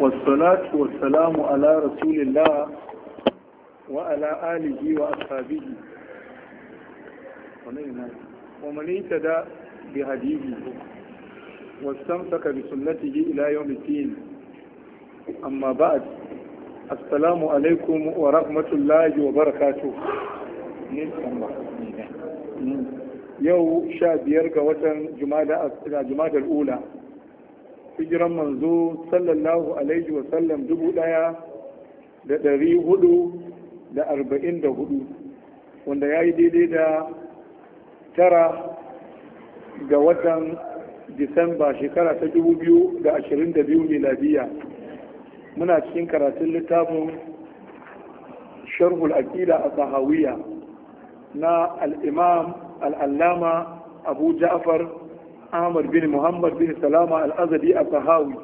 والصلاة والسلام على رسول الله وعلى آله وأصحابه ومن اهتدى بهديه واستمسك بسنته إلى يوم الدين أما بعد السلام عليكم ورحمة الله وبركاته يوم شاب يرقى وطن جمادة الأولى hijiran manzo sallallahu alaihi wa sallam dubu daya da dari hudu da arba'in da hudu wanda ya yi daidai da tara ga watan disamba shekara ta dubu biyu da ashirin da biyu miladiya muna cikin karatun littafin sharhul aqida a sahawiya na al'imam al'allama abu ja'far Ahmad bin Muhammad bin Salama al a sahawi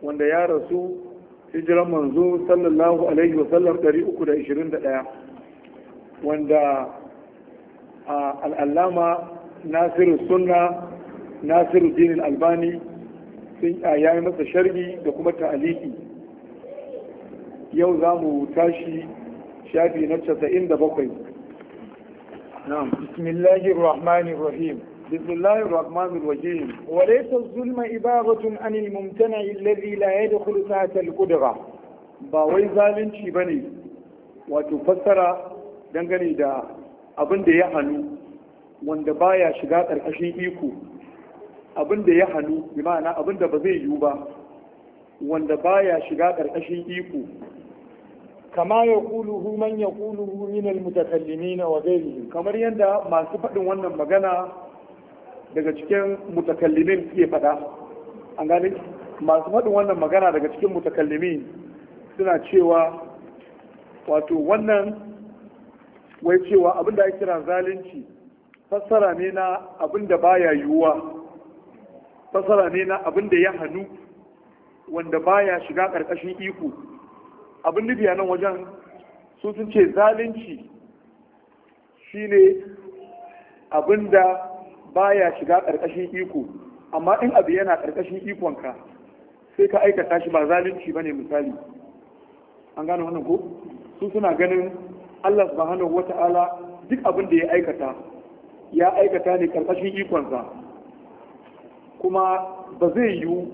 wanda ya rasu hijiran manzo sallallahu alaihi wa sallam 321 wanda al'allama Nasiru Sunna Nasiru Din albani sun ya yi masa sharhi da kuma ta'aliki yau za mu tashi shafi na 97 na'am bismillahir rahmanir rahim بسم الله الرحمن الرحيم وليس الظلم إباغة عن الممتنع الذي لا يدخل تحت القدرة باوي ظالمشي بني وتفسر دنگني دا abin da ya hannu wanda baya shiga ƙarƙashin iko abin da ya hannu bi ma'ana abin da ba zai yiwu ba wanda baya shiga ƙarƙashin iko kama ya kuluhu man ya kuluhu min al-mutakallimin wa ghayrihi kamar yadda masu faɗin wannan magana daga cikin mutakallimin ke faɗa an gane masu faɗin wannan magana daga cikin mutakallimin suna cewa wato wannan wai cewa abin ake kira zalunci fassara ne na abin baya yiwuwa fassara ne na abin ya hannu wanda baya shiga ƙarƙashin iko abin nufi a nan wajen sun ce zalunci shine abin da baya shiga ƙarƙashin iko amma in abu yana ƙarƙashin ikonka sai ka aikata shi ba zalunci bane misali an gane wannan ko su suna ganin Allah subhanahu wata'ala duk abin da ya aikata ya aikata ne ƙarƙashin ikonsa kuma ba zai yiwu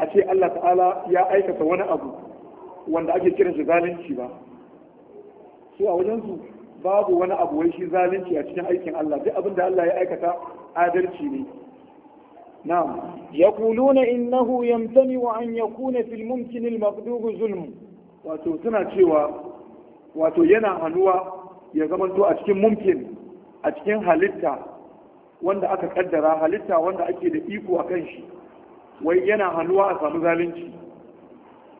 a ce Allah ta'ala ya aikata wani abu wanda ake kiran shi zalunci ba su a wajensu babu wani abu wai shi zalunci a cikin aikin Allah duk abin da Allah ya aikata adalci ne na'am yaquluna innahu yamtani wa an yakuna fil mumkin al maqdud zulm wato suna cewa wato yana hannuwa ya zamanto a cikin mumkin a cikin halitta wanda aka kaddara halitta wanda ake da iko a kan shi wai yana hannuwa a samu zalunci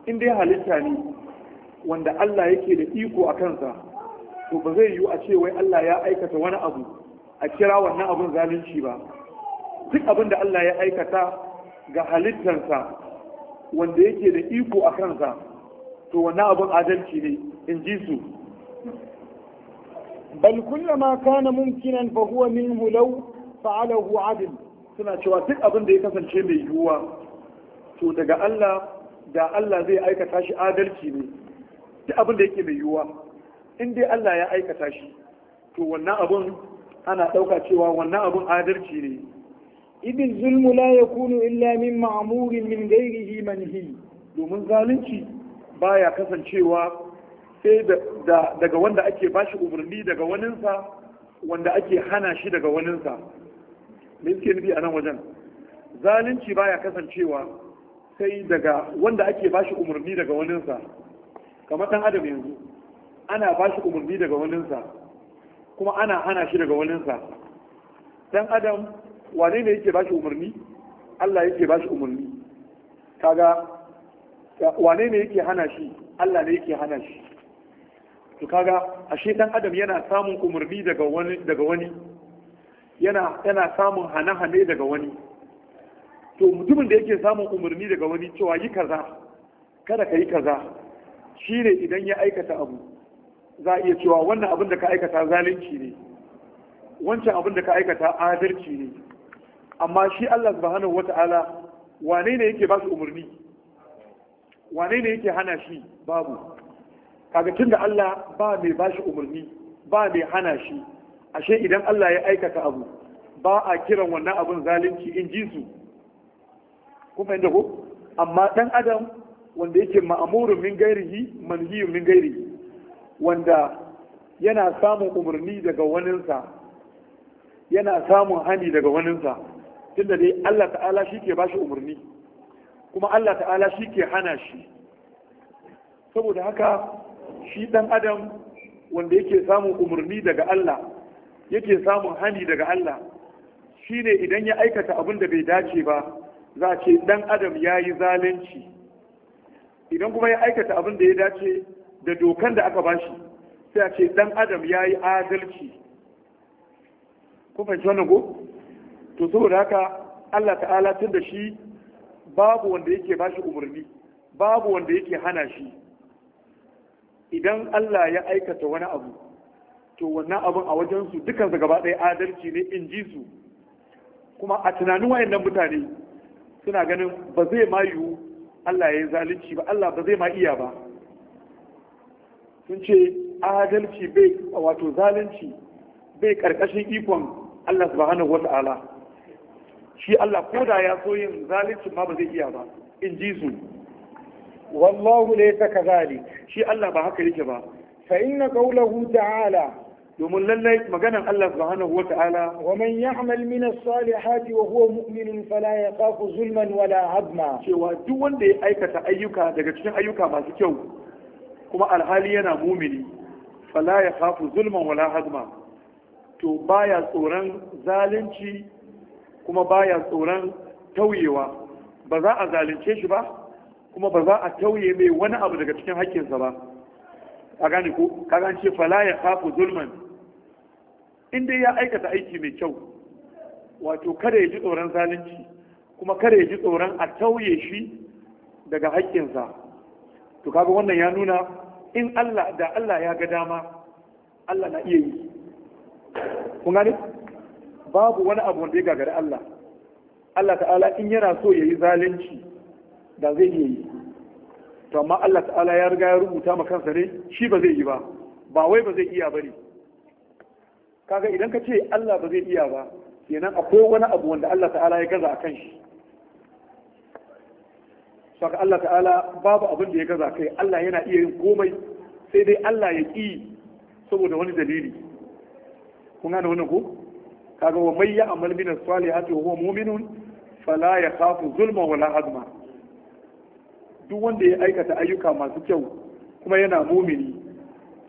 in dai halitta ne wanda Allah yake da iko a kansa to ba zai yiwu a ce wai Allah ya aikata wani abu a kira wannan abin zalunci ba duk abin da Allah ya aikata ga halittarsa wanda yake da iko a kansa to wannan abin adalci ne in ji su bal kullama kana mumkinan fa huwa minhu law fa'alahu adil suna cewa duk abin da ya kasance mai yiwuwa to daga Allah da Allah zai aikata shi adalci ne duk abin da yake mai yiwuwa in dai Allah ya aikata shi to wannan abin ana ɗauka cewa wannan abun adalci ne idin zulmu la yakunu illa min ma'murin min gairihi manhi domin zalunci baya kasancewa sai daga wanda ake bashi umarni daga waninsa wanda ake hana shi daga waninsa me yake nufi a nan wajen zalunci baya kasancewa sai daga wanda ake bashi umarni daga waninsa kamar dan adam yanzu ana bashi umarni daga waninsa kuma ana hana shi daga waninsa dan adam wane ne yake bashi umarni Allah yake bashi umarni kaga wane ne yake hana shi Allah ne yake hana shi to kaga ashe dan adam yana samun umarni daga wani daga wani yana yana samun hane-hane daga wani to mutumin da yake samun umarni daga wani cewa yi kaza kada ka yi kaza shine idan ya aikata abu za a iya cewa wannan abin da ka aikata zalunci ne wancan abin da ka aikata adalci ne amma shi Allah subhanahu wata'ala wane ne yake ba su umarni wane ne yake hana shi babu kaga da Allah ba mai ba shi umarni ba mai hana shi ashe idan Allah ya aikata abu ba a kiran wannan abin zalunci in ji su kuma inda ko amma dan adam wanda yake ma'amurun min gairihi manhiyun min gairihi wanda yana samun umarni daga waninsa yana samun hani daga waninsa tunda dai Allah ta'ala shi ke bashi umarni kuma Allah ta'ala shi ke hana shi saboda haka shi dan adam wanda yake samun umarni daga Allah yake samun hani daga Allah shine idan ya aikata abin da bai dace ba za ce dan adam ya yi zalunci idan kuma ya aikata abin da ya dace da dokan da aka bashi sai a ce dan adam ya yi adalci Kuma shi wannan ko to saboda haka Allah ta'ala tun da shi babu wanda yake bashi umarni babu wanda yake hana shi idan Allah ya aikata wani abu to wannan abun a wajen su dukansu gaba ɗaya adalci ne in ji su kuma a tunanin wayannan mutane suna ganin ba zai ma yiwu Allah ya yi zalunci ba Allah ba zai ma iya ba sun ce adalci bai wato zalunci bai karkashin ikon Allah subhanahu wata'ala shi Allah ko da ya so yin zalunci ma ba zai iya ba in ji su wallahu laysa kadhalik shi Allah ba haka yake ba fa inna qawluhu ta'ala domin lallai maganan Allah subhanahu wa ta'ala wa man ya'mal min as-salihati wa huwa mu'min fala yaqafu zulman wala hadma cewa duk wanda ya aikata ayyuka daga cikin ayyuka masu kyau kuma alhali yana mumini fala ya khafu zulman wala hadma to baya tsoron zalunci kuma baya tsoron tauyewa ba za a zalunce shi ba kuma ba za a tauye mai wani abu daga cikin haƙƙinsa ba a gane ko kaga ce fala ya khafu zulman in dai ya aikata aiki mai kyau wato kada ya ji tsoron zalunci kuma kada ya ji tsoron a tauye shi daga haƙƙinsa to kaga wannan ya nuna in Allah da Allah ya ga dama Allah na iya yi kun gane babu wani abu wanda ya gagari Allah Allah ta'ala in yana so ya yi zalunci da zai iya yi to amma Allah ta'ala ya riga ya rubuta ma kansa ne shi ba zai yi ba ba wai ba zai iya ba ne kaga idan ka ce Allah ba zai iya ba kenan akwai wani abu wanda Allah ta'ala ya gaza a kan shi saka Allah ta'ala babu abin da ya gaza kai Allah yana iya yin komai sai dai Allah ya ƙi saboda wani dalili kun gane wannan ko kaga wa mai ya'mal min as-salihati wa huwa mu'minun fala yakhafu zulma wala azma duk wanda ya aikata ayyuka masu kyau kuma yana mumini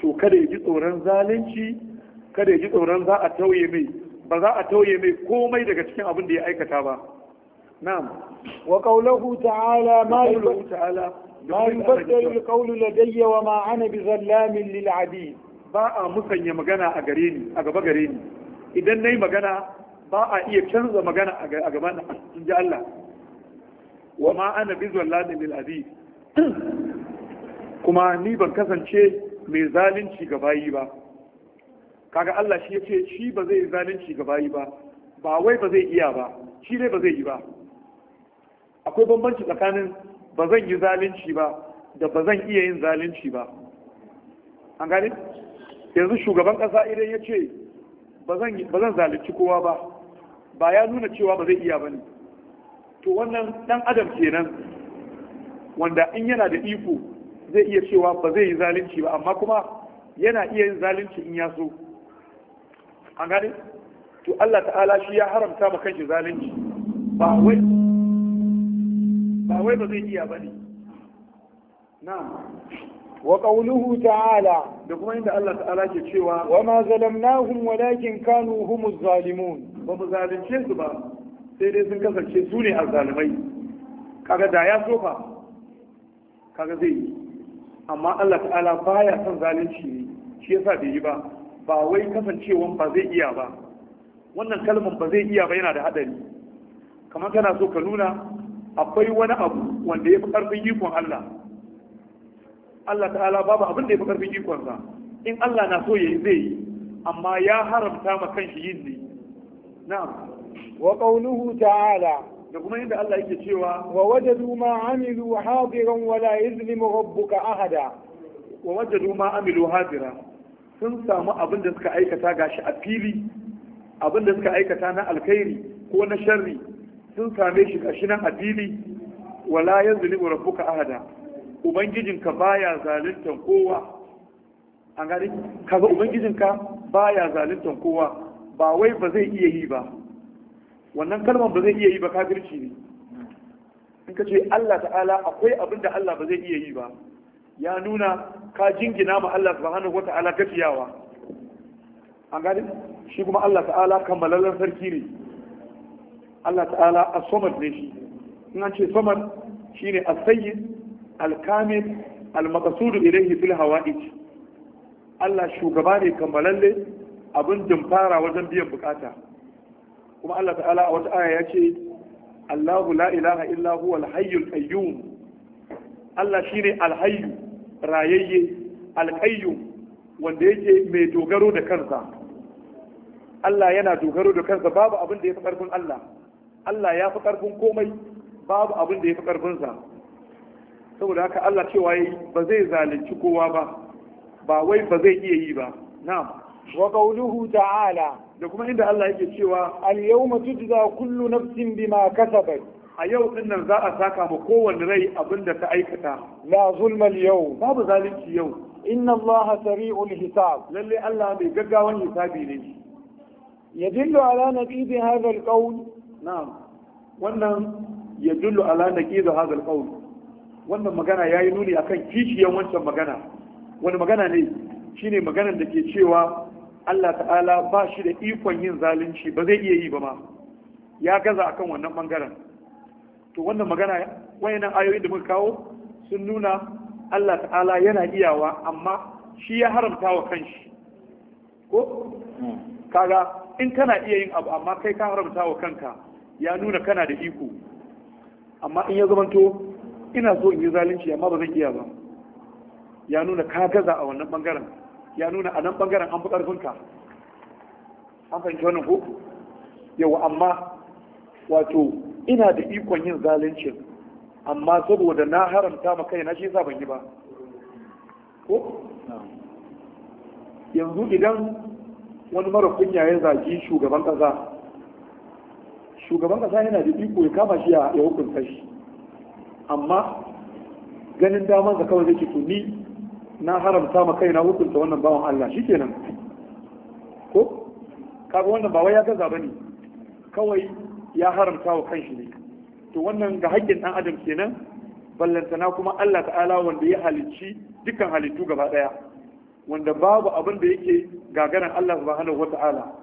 to kada ya ji tsoron zalunci kada ya ji tsoron za a tauye mai ba za a tauye mai komai daga cikin abin da ya aikata ba نعم وقوله تعالى ما تعالى ما يبدل القول لدي وما أنا بظلام للعبيد باء مسني مغانا أغريني أغبا غريني إذا ني مغانا باء إيه كنز مغانا أغبانا إن جاء الله وما أنا بظلام للعبيد كما ni ban kasance mai zalunci ga bayi kaga Allah shi ya ce shi ba zai zalunci ga bayi ba ba wai ba zai iya ba shi dai ba zai yi ba akwai bambanci tsakanin ba zan yi zalunci ba da ba zan iya yin zalunci ba an gani, yanzu shugaban ƙasa idan ya ce ba zan zalunci kowa ba ba ya nuna cewa ba zai iya ba ne to wannan dan adam kenan wanda in yana da iko zai iya cewa ba zai yi zalunci ba amma kuma yana iya yin zalunci in ya so an gani, to Allah ta'ala shi ya haramta ma shi zalunci ba wai wai ba zai iya ba ne na'am wa qawluhu ta'ala da kuma inda Allah ta'ala ke cewa wa ma zalamnahum walakin kanu humuz zalimun ba mu zalunce su ba sai dai sun kasance su ne azzalimai kaga da ya fa. kaga zai yi amma Allah ta'ala baya son zalunci ne shi yasa bai yi ba ba wai kasancewan ba zai iya ba wannan kalmar ba zai iya ba yana da hadari kamar kana so ka nuna akwai wani abu wanda ya fi ƙarfin ikon Allah Allah ta'ala babu abin da ya fi ƙarfin ikonsa in Allah na so yayi zai yi amma ya haramta ma kanshi yin ne na'am wa qawluhu ta'ala da kuma inda Allah yake cewa wa wajadu ma amilu hadiran wa la yuzlimu rabbuka ahada wa wajadu ma amilu hadira sun samu abin da suka aikata gashi a fili abin da suka aikata na alkhairi ko na sharri sun same shi a shinan addini, wala yanzu ni rabbuka ahada ubangijinka baya zaluntan kowa an gani kaga ubangijinka baya zaluntan kowa ba wai ba zai iya yi ba wannan kalmar ba zai iya yi ba kafirci ne in ka ce Allah ta'ala akwai abin da Allah ba zai iya yi ba ya nuna ka jingina ma Allah subhanahu wa ta'ala gafiyawa an gari shi kuma Allah ta'ala kammalalar sarki ne Allah ta'ala a samad ne shi in an ce samad shine ne a al-kamil almakasudu maqsud ilayhi fil hawa'ij Allah shugaba ne kammalalle abin jimfara wajen biyan bukata kuma Allah ta'ala a wata aya ya ce Allahu la ilaha illa huwa al qayyum Allah shine al rayayye al-qayyum wanda yake mai dogaro da kansa Allah yana dogaro da kansa babu abin da ya fi ƙarfin Allah Allah ya fi ƙarfin komai babu abin da ya fi ƙarfinsa saboda haka Allah cewa yi ba zai zalunci kowa ba ba wai ba zai iya yi ba na'am wa qawluhu ta'ala da kuma inda Allah yake cewa al-yawma tujza kullu nafsin bima kasabat a yau din nan za a saka ma kowanne rai abin da ta aikata la zulma al babu zalunci yau inna Allah sari'ul hisab lalle Allah mai gaggawan hisabi ne يدل على نقيض هذا القول na'am wannan ya dullu ala naqiza hadha alqawl wannan magana yayi nuni akan kishiyan wancan magana wani magana ne shine maganar da ke cewa Allah ta'ala ba shi da ikon yin zalunci ba zai iya yi ba ma ya gaza akan wannan bangaren to wannan magana wayannan ayoyin da muka kawo sun nuna Allah ta'ala yana iyawa amma shi ya haramta wa kanshi ko hmm. kaga in kana iya yin abu amma kai ka haramta wa kanka ya nuna kana da iko amma in ya zamanto ina so in yi zalunci amma ba zan iya ba ya nuna ka gaza a wannan bangaren ya nuna a nan bangaren an fi ƙarfinka an fahimci wannan ko yawa amma wato ina da ikon yin zalunci amma saboda na haramta ma na shi yasa ban yi ba ko yanzu idan wani mara kunya ya zagi shugaban kaza shugaban kasa yana da iko ya kama shi ya hukunta shi amma ganin daman ka kawai zai to ni na haramta ma kaina hukunta wannan bawan Allah shikenan ko kaga wannan ba ya gaza bane kawai ya haramta wa kanshi ne to wannan ga haƙƙin dan adam kenan ballantana kuma Allah ta'ala wanda ya halicci dukkan halittu gaba ɗaya, wanda babu abin da yake gagaran Allah subhanahu wata'ala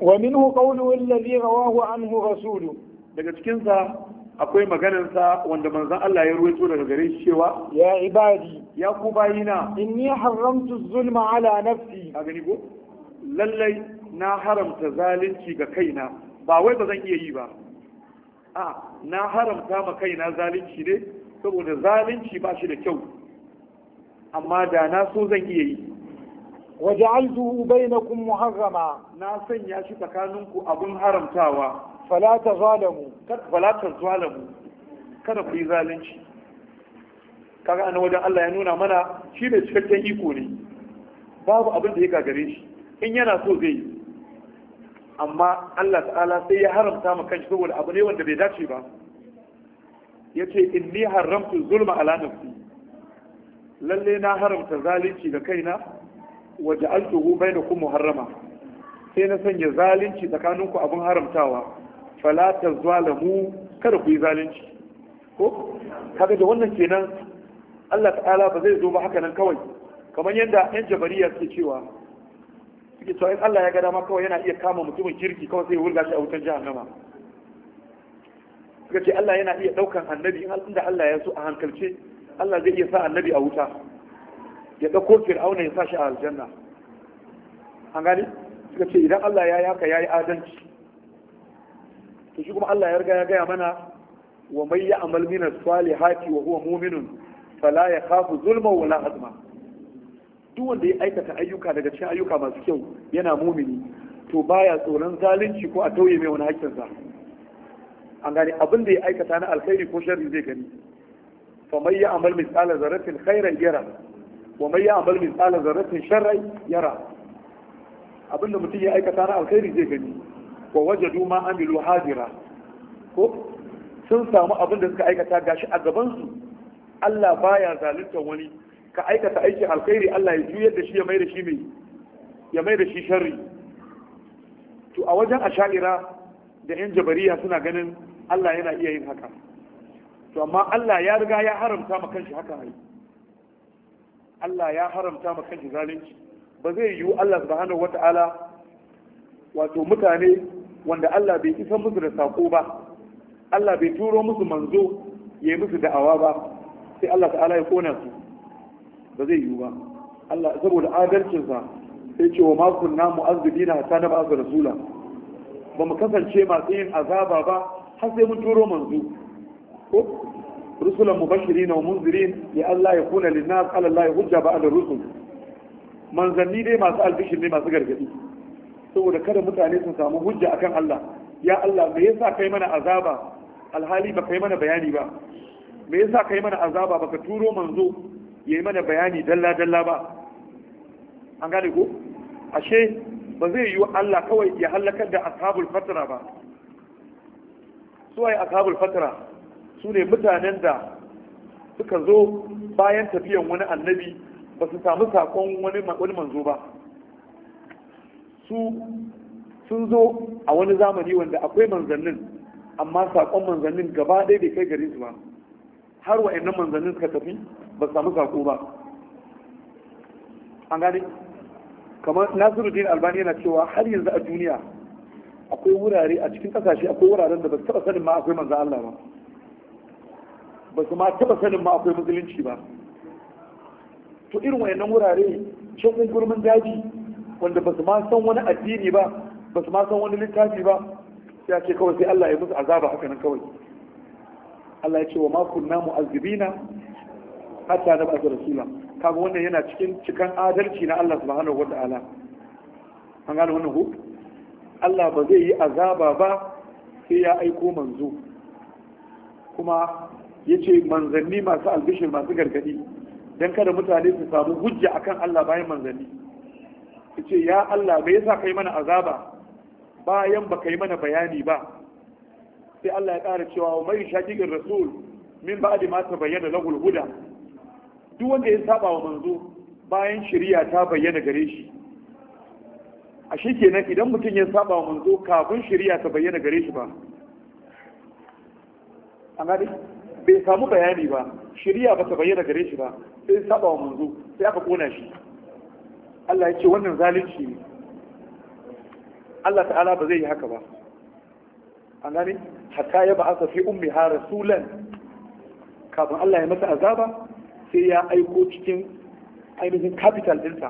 wa minhu qawluhu alladhi rawahu anhu rasulu daga cikin sa akwai maganar sa wanda manzon Allah ya ruwaito daga gare shi cewa ya ibadi ya ku bayina inni haramtu zulma ala nafsi a gani ko lallai na haramta zalunci ga kaina ba wai ba zan iya yi ba a na haramta ma kaina zalunci ne saboda zalunci ba shi da kyau amma da na so zan iya yi وجعلته بينكم محرما ناسن يا شي تكاننكو ابن حرمتاوا فلا تظالموا فلا تظالموا kada ku yi zalunci kaga an wajen Allah ya nuna mana shi ne cikakken iko ne babu abin da ya gagare shi in yana so zai yi amma Allah ta'ala sai ya haramta ma kanshi saboda abu ne wanda bai dace ba yace inni haramtu zulma ala nafsi lalle na haramta zalunci ga kaina wa ja'altuhu bainakum muharrama sai na sanya zalunci tsakaninku abin haramtawa fala tazalamu kada ku yi zalunci ko kaga da wannan kenan Allah ta'ala ba zai zo ba haka nan kawai kamar yadda yan jabariya suke cewa suke cewa in Allah ya ga dama kawai yana iya kama mutumin kirki kawai sai ya wurga shi a wutar jahannama suka ce Allah yana iya daukan annabi in Allah ya so a hankalce Allah zai iya sa annabi a wuta ya ɗauko fir'auna ya sashi a aljanna an gani suka ce idan Allah ya yaka ya yi adalci to shi kuma Allah ya riga ya gaya mana wa mai ya amal min salihati wa huwa mu'minun fala ya khafu zulma wala azma duk wanda ya aikata ayyuka daga cikin ayyuka masu kyau yana mumini to baya tsoron zalunci ko a tauye mai wani haƙƙinsa. an gani abin da ya aikata na alkhairi ko sharri zai gani fa mai ya amal misala zarafin khairan yara wa mai ya amal misalan zarratin sharrai yara abinda mutum ya aikata na alkhairi zai gani wa wajadu ma amilu hadira ko sun samu abin da suka aikata gashi a gabansu Allah baya zalunta wani ka aikata aiki alkhairi Allah ya juyar da shi ya mai da shi mai ya sharri to a wajen asha'ira da yan jabariya suna ganin Allah yana iya yin haka to amma Allah ya riga ya haramta ma shi haka ai Allah ya haramta ma kanki zalunci ba zai yiwu Allah subhanahu wata'ala wato mutane wanda Allah bai isa musu da sako ba Allah bai turo musu manzo ya yi musu da'awa ba sai Allah ta'ala ya kona su ba zai yiwu ba Allah saboda adalcinsa sai ce wa ma kunna mu'azzibina hatta na ba'a rasula ba mu kasance masu yin azaba ba har sai mun turo manzo ko رسلا مبشرين ومنذرين لئلا يكون للناس على الله حجة بعد الرسل manzanni dai masu albishir ne masu gargadi saboda kada mutane sun samu hujja akan Allah ya Allah me yasa kai mana azaba alhali ba kai mana bayani ba me yasa kai mana azaba baka turo manzo yayi mana bayani dalla dalla ba an gane ko ashe ba zai yi Allah kawai ya da ashabul fatra ba fatra su ne mutanen da suka zo bayan tafiyan wani annabi ba su samu sakon wani manzo ba su sun zo a wani zamani wanda akwai manzannin amma sakon manzannin gaba ɗaya bai kai gare su ba har wa'annan manzannin suka tafi ba su samu sako ba an gane kamar nasiruddin albani yana cewa har yanzu a duniya akwai wurare a cikin ƙasashe akwai wuraren da ba su taɓa sanin ma akwai manzan Allah ba ba su ma taba sanin ma akwai musulunci ba to irin wayannan wurare cikin gurmin daji wanda ba su ma san wani addini ba ba su ma san wani littafi ba ya ce kawai sai Allah ya musu azaba haka nan kawai Allah ya ce wa ma kunna mu'azzibina hatta na ba'da rasula kaga wannan yana cikin cikan adalci na Allah subhanahu wata'ala an gane wannan ku Allah ba zai yi azaba ba sai ya aiko manzo kuma ya ce manzanni masu albishir masu gargadi don kada mutane su samu hujja akan Allah bayan manzanni ya ce ya Allah me yasa kai mana azaba bayan ba kai mana bayani ba sai Allah ya ƙara cewa mai shaƙiƙin rasul min ba'di ma tabayyana lahul huda duk wanda ya saba wa manzo bayan shari'a ta bayyana gare shi a kenan idan mutum ya saba wa manzo kafin shari'a ta bayyana gare shi ba an bai samu bayani ba shirya ba ta bayyana gare shi ba sai saba wa manzo sai aka kona shi Allah ya ce wannan zalunci ne Allah ta'ala ba zai yi haka ba an gani hatta ya ba'asa fi ummi ha rasulan kafin Allah ya masa azaba sai ya aiko cikin ainihin capital ɗinsa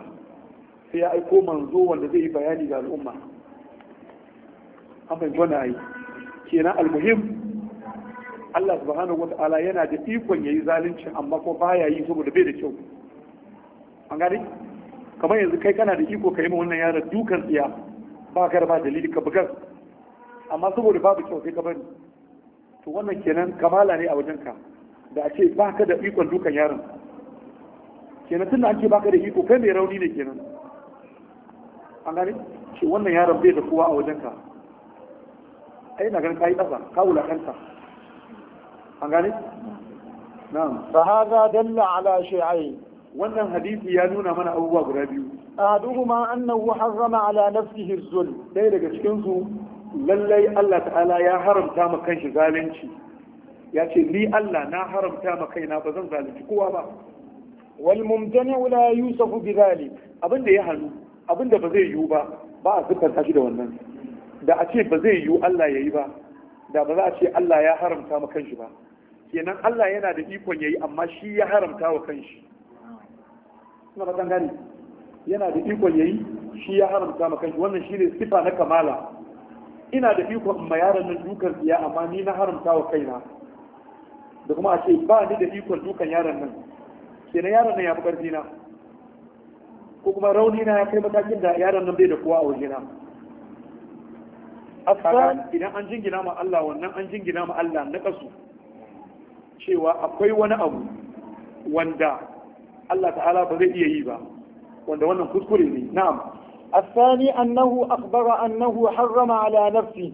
sai ya aiko manzo wanda zai yi bayani ga al'umma an fahimci wannan ayi kenan almuhim Allah subhanahu wata'ala yana da ikon yayi zalunci amma ko baya yi saboda bai da kyau an gani kamar yanzu kai kana da iko ka yi wannan yaron dukan tsiya ba ka ba dalili ka bugar amma saboda babu kyau sai ka bari to wannan kenan kamala ne a wajenka da a ce ba ka da ikon dukan yaron kenan tun da an ce ba ka da iko kai mai rauni ne kenan an gani ce wannan yaron bai da kowa a wajenka ai na ganin ka yi ƙasa ka wulakanta an gane na'am fa dalla ala shi'ai wannan hadisi ya nuna mana abubuwa guda biyu ahaduhuma annahu harrama ala nafsihi zulm dai daga cikin su lallai Allah ta'ala ya haramta ma kanshi zalunci ya ce ni Allah na haramta ma kaina ba zan zalunci kowa ba wal mumtani la yusafu bi Abin abinda ya hanu abinda ba zai yiwu ba ba a sifanta shi da wannan da a ce ba zai yiwu Allah yayi ba da ba za a ce Allah ya haramta ma kanshi ba kenan Allah yana da ikon yayi amma shi ya haramta wa kanshi kuma ba gani yana da ikon yayi shi ya haramta wa kanshi wannan shine sifa na kamala ina da ikon in ma yaron nan dukan tsiya amma ni na haramta wa kaina da kuma a ce ba ni da ikon dukan yaron nan kenan yaron nan ya fi karfi na ko kuma rauni na ya kai matakin da yaron nan bai da kowa a wajena idan an jingina ma Allah wannan an jingina ma Allah na kasu cewa akwai wani abu wanda Allah ta'ala ba zai iya yi ba wanda wannan kuskure ne na'am الثاني أنه أخبر أنه حرم على نفسه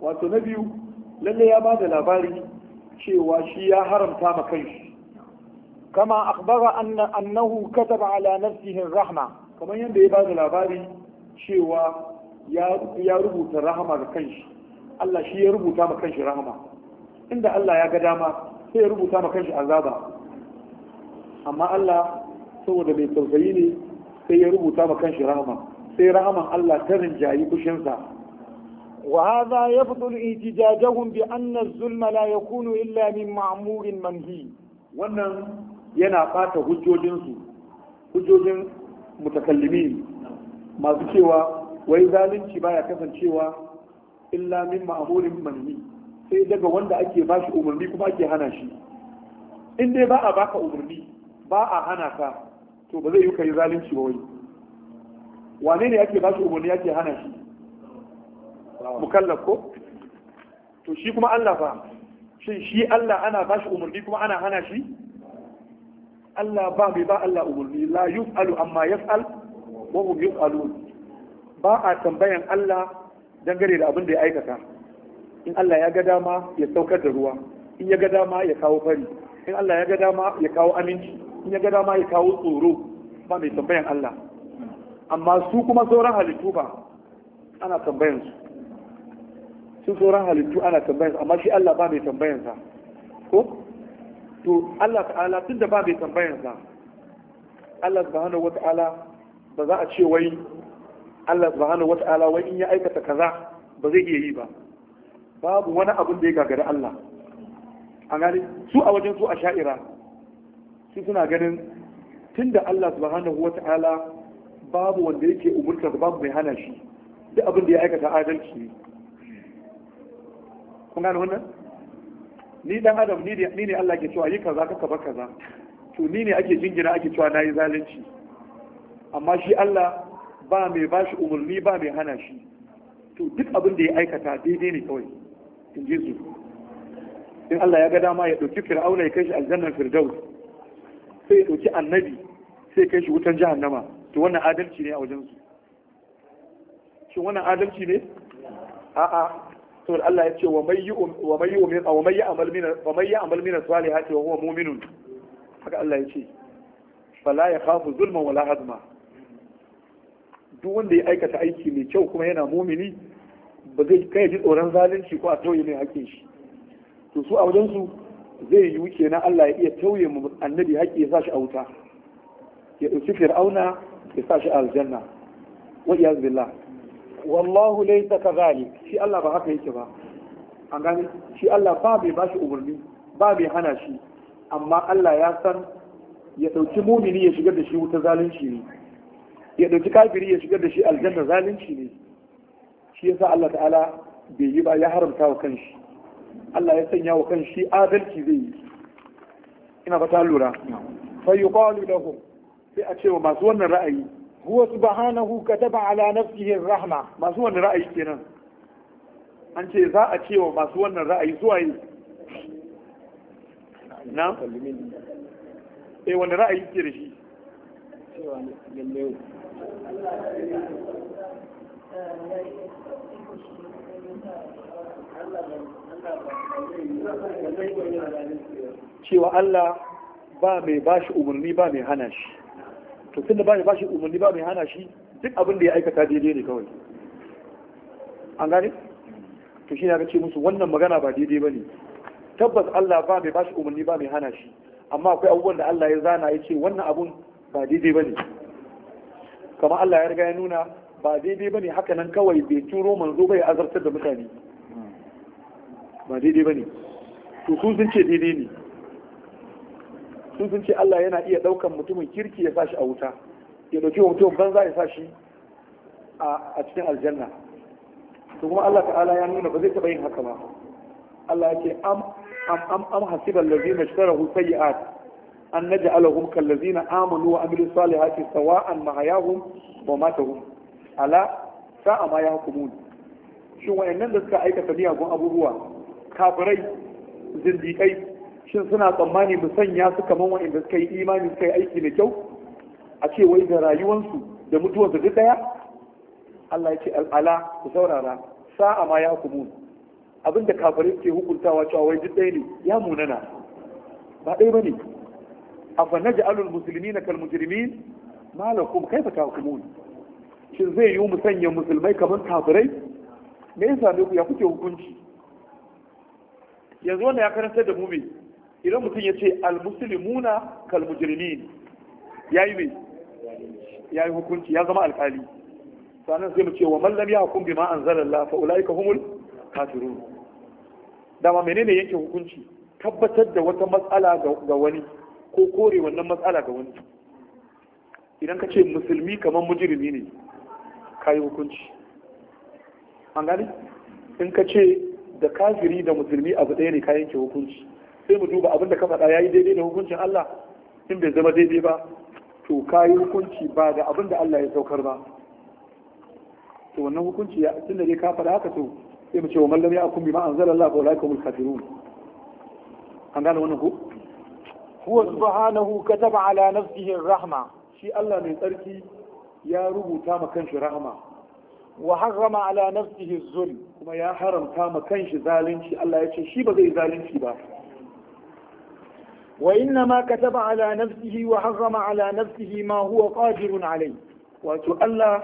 وتنبي للي يباد الأباري شيء وشيء حرم تام كيش كما أخبر أن أنه كتب على نفسه الرحمة كما يندي يباد الأباري شيء يا ربو الرحمة كيش الله شيء يربو تام كيش رحمة عند الله يا قدامه sai ya rubuta ma kanshi azaba amma Allah saboda mai tausayi ne sai ya rubuta ma kanshi rahama sai rahaman Allah ta rinjayi kushinsa وهذا يبطل احتجاجهم بأن الظلم لا يكون إلا من معمور منهي wannan yana ɓata hujjojinsu hujjojin mutakallimi masu cewa wai zalunci baya kasancewa illa min ma'amurin manhi sai daga wanda ake ba shi umarni kuma ake hana shi in dai ba a baka umarni ba a hana ka to ba zai yi kai zalunci ba wai wane ne ake ba shi umarni ake hana shi mukallaf ko to shi kuma Allah fa shin shi Allah ana ba shi umarni kuma ana hana shi Allah ba mai ba Allah umarni la yuf'alu amma yaf'al wa hum yuf'alun ba a tambayan Allah dangane da abin da ya aikata in Allah ya ga dama ya saukar da ruwa in ya ga dama ya kawo fari in Allah ya ga dama ya kawo aminci in ya ga dama ya kawo tsoro ba mai tambayan Allah amma su kuma sauran halittu ba ana tambayan su su sauran halittu ana tambayan su amma shi Allah ba mai tambayan sa ko to Allah ta'ala tun da ba mai tambayan sa Allah subhanahu wata'ala ba za a ce wai Allah subhanahu wata'ala wai in ya aikata kaza ba zai iya yi ba babu wani abin da ya gagari Allah a gani su a wajen su a sha'ira su suna ganin tunda Allah subhanahu wa ta'ala babu wanda yake umurta da babu mai hana shi duk abin da ya aikata adalci ne kun gane wannan ni dan adam ni ne ni ne Allah ke cewa yi kaza ka kaba kaza to ni ne ake jingina ake cewa nayi zalunci amma shi Allah ba mai bashi umarni ba mai hana shi to duk abin da ya aikata daidai ne kawai in ji su in Allah ya ga dama ya ɗauki fir'auna ya kai shi aljannar firdaus sai ya ɗauki annabi sai kai shi wutan jahannama to wannan adalci ne a wajen su shin wannan adalci ne a'a sau Allah ya ce wa mai yi wa may yu'min wa may ya'mal wa wa huwa mu'minun haka Allah ya ce fala ya kafu zulman wala hazma duk wanda ya aikata aiki mai kyau kuma yana mumini ba zai kai ji tsoron zalunci ko a tauye mai hakkin shi to su a wajen su zai wuce na Allah ya iya tauye mu annabi haƙƙi ya sa shi a wuta ya dauki fir'auna ya sa shi a aljanna wa iyaz billah wallahu laysa kadhalik shi Allah ba haka yake ba an gane shi Allah ba bai bashi umarni ba bai hana shi amma Allah ya san ya dauki mumini ya shigar da shi wuta zalunci ne ya dauki kafiri ya shigar da shi aljanna zalunci ne shi yasa Allah ta'ala bai yi ba ya haramta wa kanshi Allah ya sanya wa kanshi adalci zai yi ina ba ta lura fa yuqalu ku. sai a ce wa masu wannan ra'ayi huwa subhanahu kataba ala nafsihi rahma masu wannan ra'ayi kenan an ce za a ce wa masu wannan ra'ayi zuwa yi na eh wani ra'ayi ke da shi cewa Allah ba mai bashi umarni ba mai hana shi to tun da ba mai bashi umarni ba mai hana shi duk abin da ya aikata daidai ne kawai an gane to shi ne ce musu wannan magana ba daidai ba ne tabbas Allah ba mai bashi umarni ba mai hana shi amma akwai abubuwan da Allah ya zana ya ce wannan abun ba daidai ba ne kamar Allah ya riga ya nuna ba daidai bane haka nan kawai bai turo manzo bai azartar da mutane ba daidai bane to su sun ce daidai ne su sun ce Allah yana iya daukan mutumin kirki ya sashi a wuta ya dauki mutum banza ya sashi a cikin aljanna to kuma Allah ta'ala ya nuna ba zai taba yin haka ba Allah ya ce am am am hasibal ladzina ishtarahu sayyi'at an naj'alahum kal ladzina amanu wa amilus salihati sawa'an mahayahum wa matahum ala sa'a ma ya hukumun shin wayannan da suka aikata miyagun abubuwa kafirai zindiƙai shin suna tsammani mu sanya su kaman wayanda suka yi imani suka yi aiki da kyau a ce wai da rayuwansu da mutuwarsu duk daya Allah ya ce al'ala ku saurara sa'a ma ya hukumun abinda kafirai suke hukuntawa cewa wai duk ɗaya ne ya munana ba ɗaya bane afa alul musulmi na kalmujirmi malakum kaifa tahkumun shin zai yi mu sanya musulmai kamar kafirai me yasa ne ku ya kuke hukunci yanzu wannan ya karanta da mu me idan mutum ya ce almuslimuna kalmujrimin yayi me yayi hukunci ya zama alkali sannan sai mu ce wa man lam yahkum bima anzalallah fa ulaika humul kafirun dama menene yanke hukunci tabbatar da wata matsala ga wani ko kore wannan matsala ga wani idan ka ce musulmi kamar mujrimi ne ka yi hukunci an gani in ka ce da kafiri da musulmi abu ɗaya ne ka yanke hukunci sai mu duba abin da ka faɗa ya yi daidai da hukuncin Allah in bai zama daidai ba to ka yi hukunci ba da abin da Allah ya saukar ba to wannan hukunci ya tun da ka faɗa haka to sai mu ce wa mallam ya akun bi ma anzala Allah fa ulaika hum kafirun an gane wannan ko huwa subhanahu kataba ala nafsihi rahma shi Allah mai tsarki ya rubuta ma kanshi rahama wa harrama ala nafsihi zulm kuma ya haramta ma kanshi zalunci Allah ya ce shi ba zai zalunci ba wa inna ma kataba ala nafsihi wa harrama ala nafsihi ma huwa qadirun alai wato Allah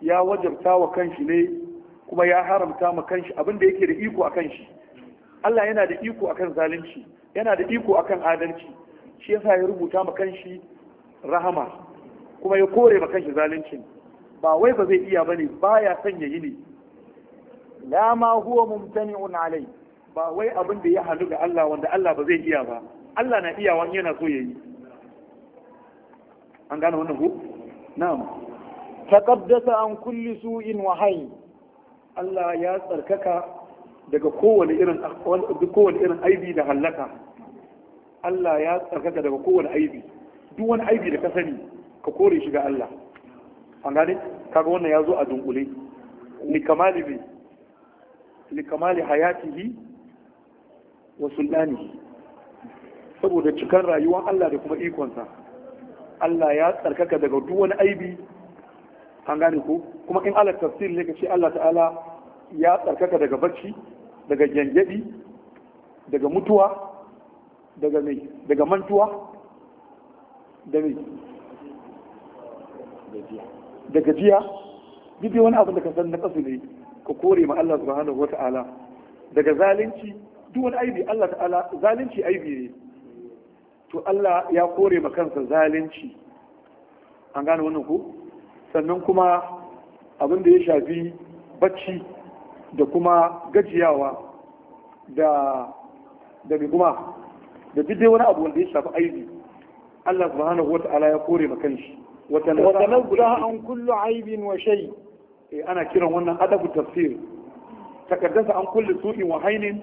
ya wajabta wa kanshi ne kuma ya haramta ma kanshi Abinda yake da iko akan shi Allah yana da iko akan zalunci yana da iko akan adalci shi yasa ya rubuta ma kanshi rahama kuma ya kore ba kanshi zalincin ba wai ba zai iya ba ya son ya yi ne la ma huwa mumtani'un alai ba wai abin da ya hannu ga Allah wanda Allah ba zai iya ba Allah na iya wani yana so ya yi an gane wannan ku na'am taqaddasa an kulli su'in wa hayy Allah ya tsarkaka daga kowane irin kowane irin aibi da halaka Allah ya tsarkaka daga kowane aibi duk wani aibi da ka sani ka kore shi ga Allah an gane kaga wannan ya zo a dunkule ni kamali bi ni kamali hayatihi wa sultani saboda cikar rayuwar Allah da kuma ikonsa Allah ya tsarkaka daga duk wani aibi an gane ko kuma in Allah tafsir ne ka ce Allah ta'ala ya tsarkaka daga bacci daga gyangyaɗi daga mutuwa daga mai daga mantuwa da mai da gajiya duk wani abu da ka san na kasu ne ka kore ma Allah subhanahu ta'ala daga zalunci duk wani aibi Allah ta'ala zalunci aibi ne to Allah ya kore ma kansa zalunci an gane wannan ku sannan kuma abin da ya shafi bacci da kuma gajiyawa da da kuma da duk wani abu wanda ya shafi aibi Allah subhanahu ta'ala ya kore ma kanshi وتنزه عن كل عيب وشيء أنا an وانا أدب التفسير تكدس da kuma سوء وحين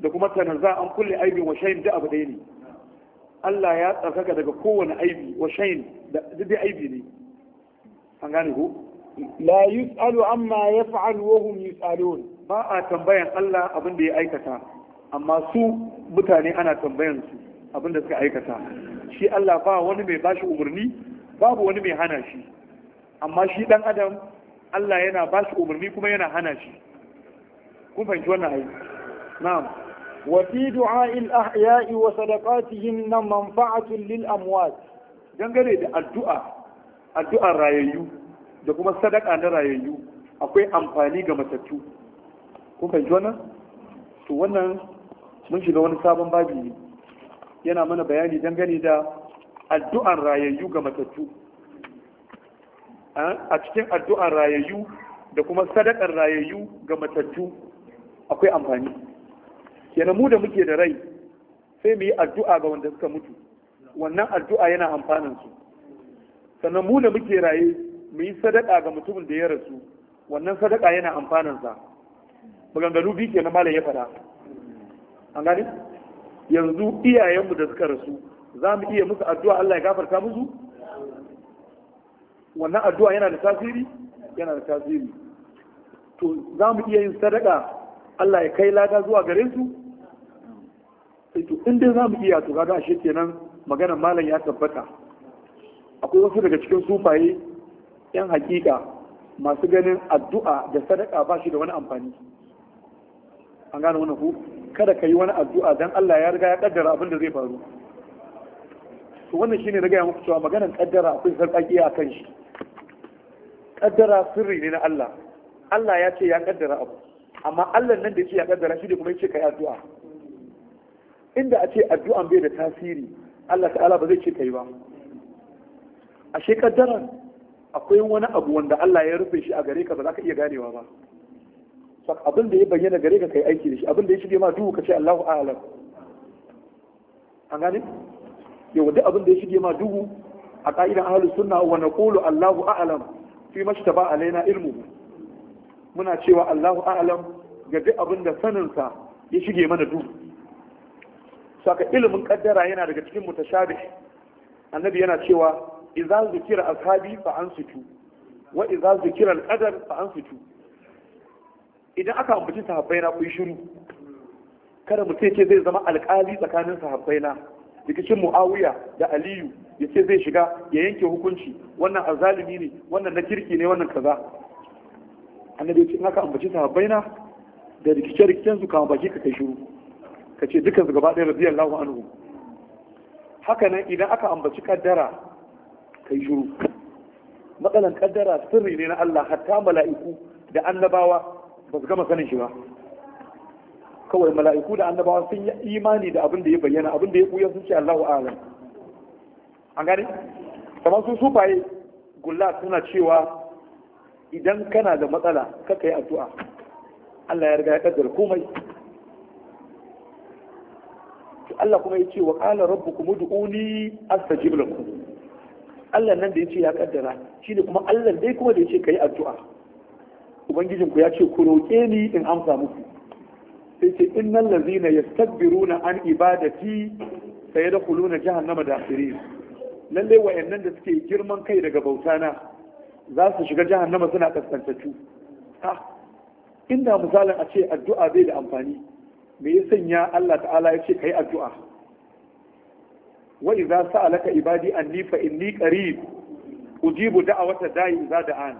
لكم تنزه عن كل عيب وشيء ده أبديني Allah ya tsarkaka daga kowane aibi wa shayin da dai aibi ne an gane ku. la yus'alu amma yaf'al wa hum yus'alun ba a tambayan Allah abin da ya aikata amma su mutane ana tambayan su abin da suka aikata shi Allah ba wani mai bashi umarni babu wani mai hana shi amma shi dan adam Allah yana ba shi umarni kuma yana hana shi kun fahimci wannan ayi na'am wa fi du'a'il ahya'i wa sadaqatihim na manfa'atun lil amwat dangane da addu'a addu'ar rayayyu da kuma sadaka na rayayyu akwai amfani ga matattu kun fahimci wannan to wannan mun shiga wani sabon babi yana mana bayani dangane da addu'an rayayyu ga matattu eh, a cikin addu'an rayayyu da kuma sadakar rayayyu ga matattu akwai amfani kenan mu da muke da rai sai mu yi addu'a ga wanda suka mutu wannan addu'a yana amfanin su sannan mu da muke raye mu yi sadaka ga mutumin da ya rasu wannan sadaka yana amfanin sa maganganu biyu kenan malam ya faɗa an gani yanzu iyayenmu da suka rasu za mu iya musu addu'a Allah ya gafarta musu wannan addu'a yana da tasiri yana da tasiri to za mu iya yin sadaka Allah ya kai lada zuwa gare su to in dai za mu iya to kaga ashe kenan maganar malam ya tabbata akwai wasu daga cikin sufaye yan hakika masu ganin addu'a da sadaka ba shi da wani amfani an gane wannan ku kada ka yi wani addu'a dan Allah ya riga ya kaddara abin da zai faru to wannan shine na gaya muku cewa maganar kaddara akwai sarƙaƙi a kan shi kaddara sirri ne na Allah Allah ya ce ya kaddara abu amma Allah nan da yake ya kaddara shi da kuma yake kai addu'a inda a ce addu'an bai da tasiri Allah ta'ala ba zai ce kai ba a she kaddara akwai wani abu wanda Allah ya rufe shi a gare ka ba za ka iya ganewa ba abin da ya bayyana gare ka kai aiki da shi abin da ya shige ma duhu ka ce Allahu a'lam an gane yau duk abin da ya shige ma duhu a ka'idan ahalus sunna wa naqulu Allahu a'lam fi a alaina ilmu muna cewa Allahu a'lam ga duk abin da saninsa ya shige mana duhu saka ilimin kaddara yana daga cikin mutashabih annabi yana cewa idza zikira ashabi fa ansitu wa idza zikira al-qadar fa ansitu idan aka ambaci sahabbai na ku shiru kada mutum ce zai zama alƙali tsakanin sahabbai na rikicin muawiya da aliyu ya ce zai shiga ya yanke hukunci wannan azalimi ne wannan na kirki ne wannan kaza annabi ya ce in aka ambaci sahabbai na da rikice-rikicen su kama baki ka kai shiru ka ce dukansu gaba ɗaya radiyallahu anhu haka nan idan aka ambaci kaddara kai shiru matsalan kaddara sirri ne na Allah hatta mala'iku da annabawa ba su gama sanin shi ba kawai mala'iku da annabawa sun yi imani da abin da ya bayyana abin da ya buya sun ce Allahu a'lam an gane kamar su sufaye gulla suna cewa idan kana da matsala kaka yi addu'a Allah ya riga ya kaddara komai Allah kuma ya ce wa qala rabbukum ud'uni astajib lakum Allah nan da ya ce ya kaddara shine kuma Allah dai kuma da ya ce kai addu'a ubangijinku ya ce ku roke ni in amsa muku sai ce innal ladhina yastakbiruna an ibadati sayadkhuluna jahannama dakhirin lalle wayannan da suke girman kai daga bautana za su shiga jahannama suna kaskantattu ha inda misalin a ce addu'a bai da amfani me ya sanya Allah ta'ala ya ce kai addu'a wa idza sa'alaka ibadi anni fa inni qarib ujibu da'awata da'i idza da'an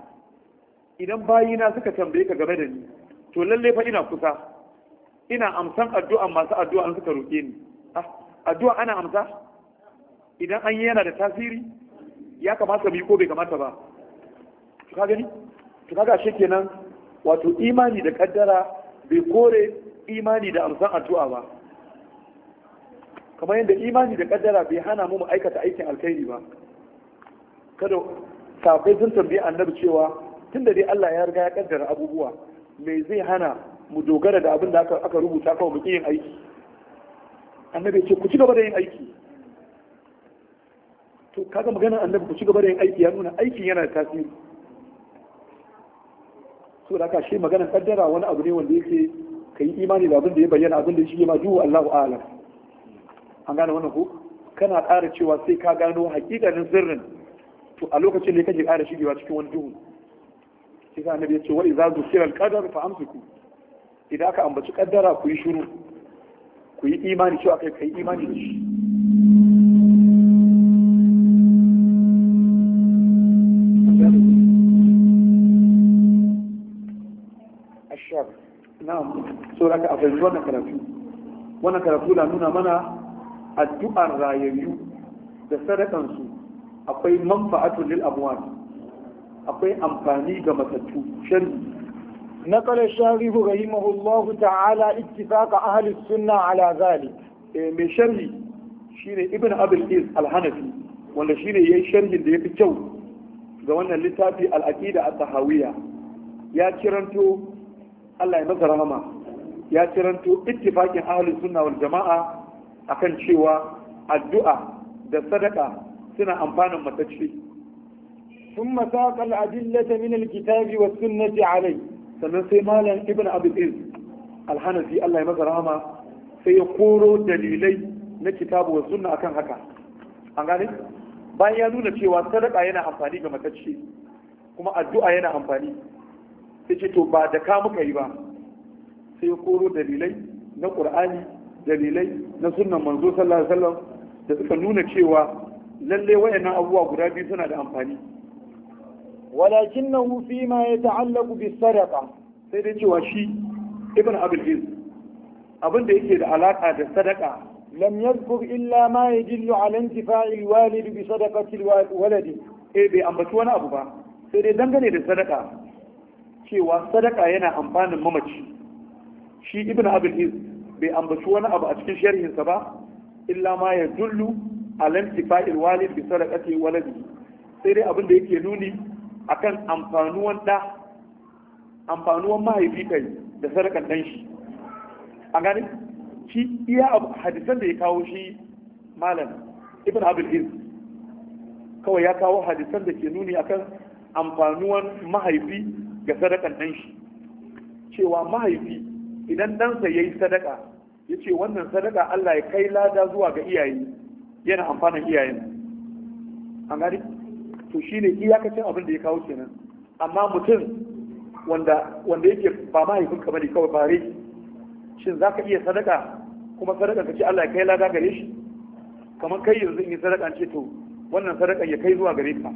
idan bayina suka tambaye ka game da ni to lalle fa ina kusa ina amsan addu'a masu addu'a suka roƙe ni ah, addu'a ana amsa idan an yi yana da tasiri ya kamata mu yi ko bai kamata ba to ka gani to kaga shi kenan wato imani da kaddara bai kore imani da amsan addu'a ba kamar yadda imani da kaddara bai hana mu mu aikata aikin alkhairi ba kada safai sun tambayi annabi cewa tunda dai Allah ya riga ya kaddara abubuwa me zai hana mu dogara da abin da aka rubuta kawai mu yin aiki annabi ce ku ci gaba da yin aiki to kaga magana annabi ku ci gaba da yin aiki ya nuna aikin yana da tasiri so da shi maganar kaddara wani abu ne wanda yake ka yi imani da abin da ya bayyana abin da shi ma maju Allahu a'lam an gane wannan ko kana ƙara cewa sai ka gano hakikanin sirrin to a lokacin ne kake ƙara shigewa cikin wani duhu sai annabi ya ce wa idza zukira al-qadar fa amsiku idan aka ambaci kaddara ku yi shiru ku yi imani cewa kai kai imani da shi ashar na'am so da a fahimci wannan karatu wannan karatu na nuna mana addu'ar rayayyu da sadakansu akwai manfa'atul lil amwat akwai amfani ga matattu shan نقل الشارح رحمه الله تعالى اتفاق أهل السنة على ذلك من شرح شير ابن أبي الإز الحنفي ولا شير يي شرح اللي يبي جو قوانا لتابي الأكيدة التهاوية يا كرنتو الله يمزر هما يا كرنتو اتفاق أهل السنة والجماعة أكن شوى الدعاء da sadaka suna amfanin matacce ثم ساق الأدلة من الكتاب والسنة عليه sannan sai malam ibn abid iz alhanafi Allah ya masa rahama sai ya koro dalilai na kitabu wa sunna akan haka an gane bayan ya nuna cewa sadaka yana amfani ga matacce kuma addu'a yana amfani sai ce to ba da ka muka yi ba sai ya koro dalilai na qur'ani dalilai na sunnan manzo sallallahu alaihi wasallam da suka nuna cewa lalle wayannan abubuwa guda biyu suna da amfani ولكنه فيما يتعلق بالصدقة سيدي وشي ابن أبي العز أبن ده يكيد علاقة بالصدقة لم يذكر إلا ما يدل على انتفاع الوالد بصدقة الولد إيه بأنبت وانا أبو با سيدي دنغني للصدقة شي والصدقة ينا أمبان الممج شي ابن أبي العز بأنبت وانا أبو أتكين شرحه سبا إلا ما يدل على انتفاع الوالد بصدقة ولده سيدي أبن ده يكي نوني akan amfanuwan da amfanuwan mahaifi kai da sadakan dan shi an gani! shi iya hadisan da ya kawo shi malam ibn abul hiz kawai ya kawo hadisan da ke nuni akan amfanuwan mahaifi ga sadakan dan shi cewa mahaifi idan ɗansa ya yi sadaka ya ce wannan sadaka Allah ya kai lada zuwa ga iyaye yana amfanin iyayen an gani to shine iyakacin abin da ya kawo kenan amma mutum wanda wanda yake ba mahaifinka bane kawai bare shin zaka iya sadaka kuma sadaka ka ce Allah ya kai lada gare shi kamar kai yanzu in yi sadaka ce to wannan sadaka ya kai zuwa gare ka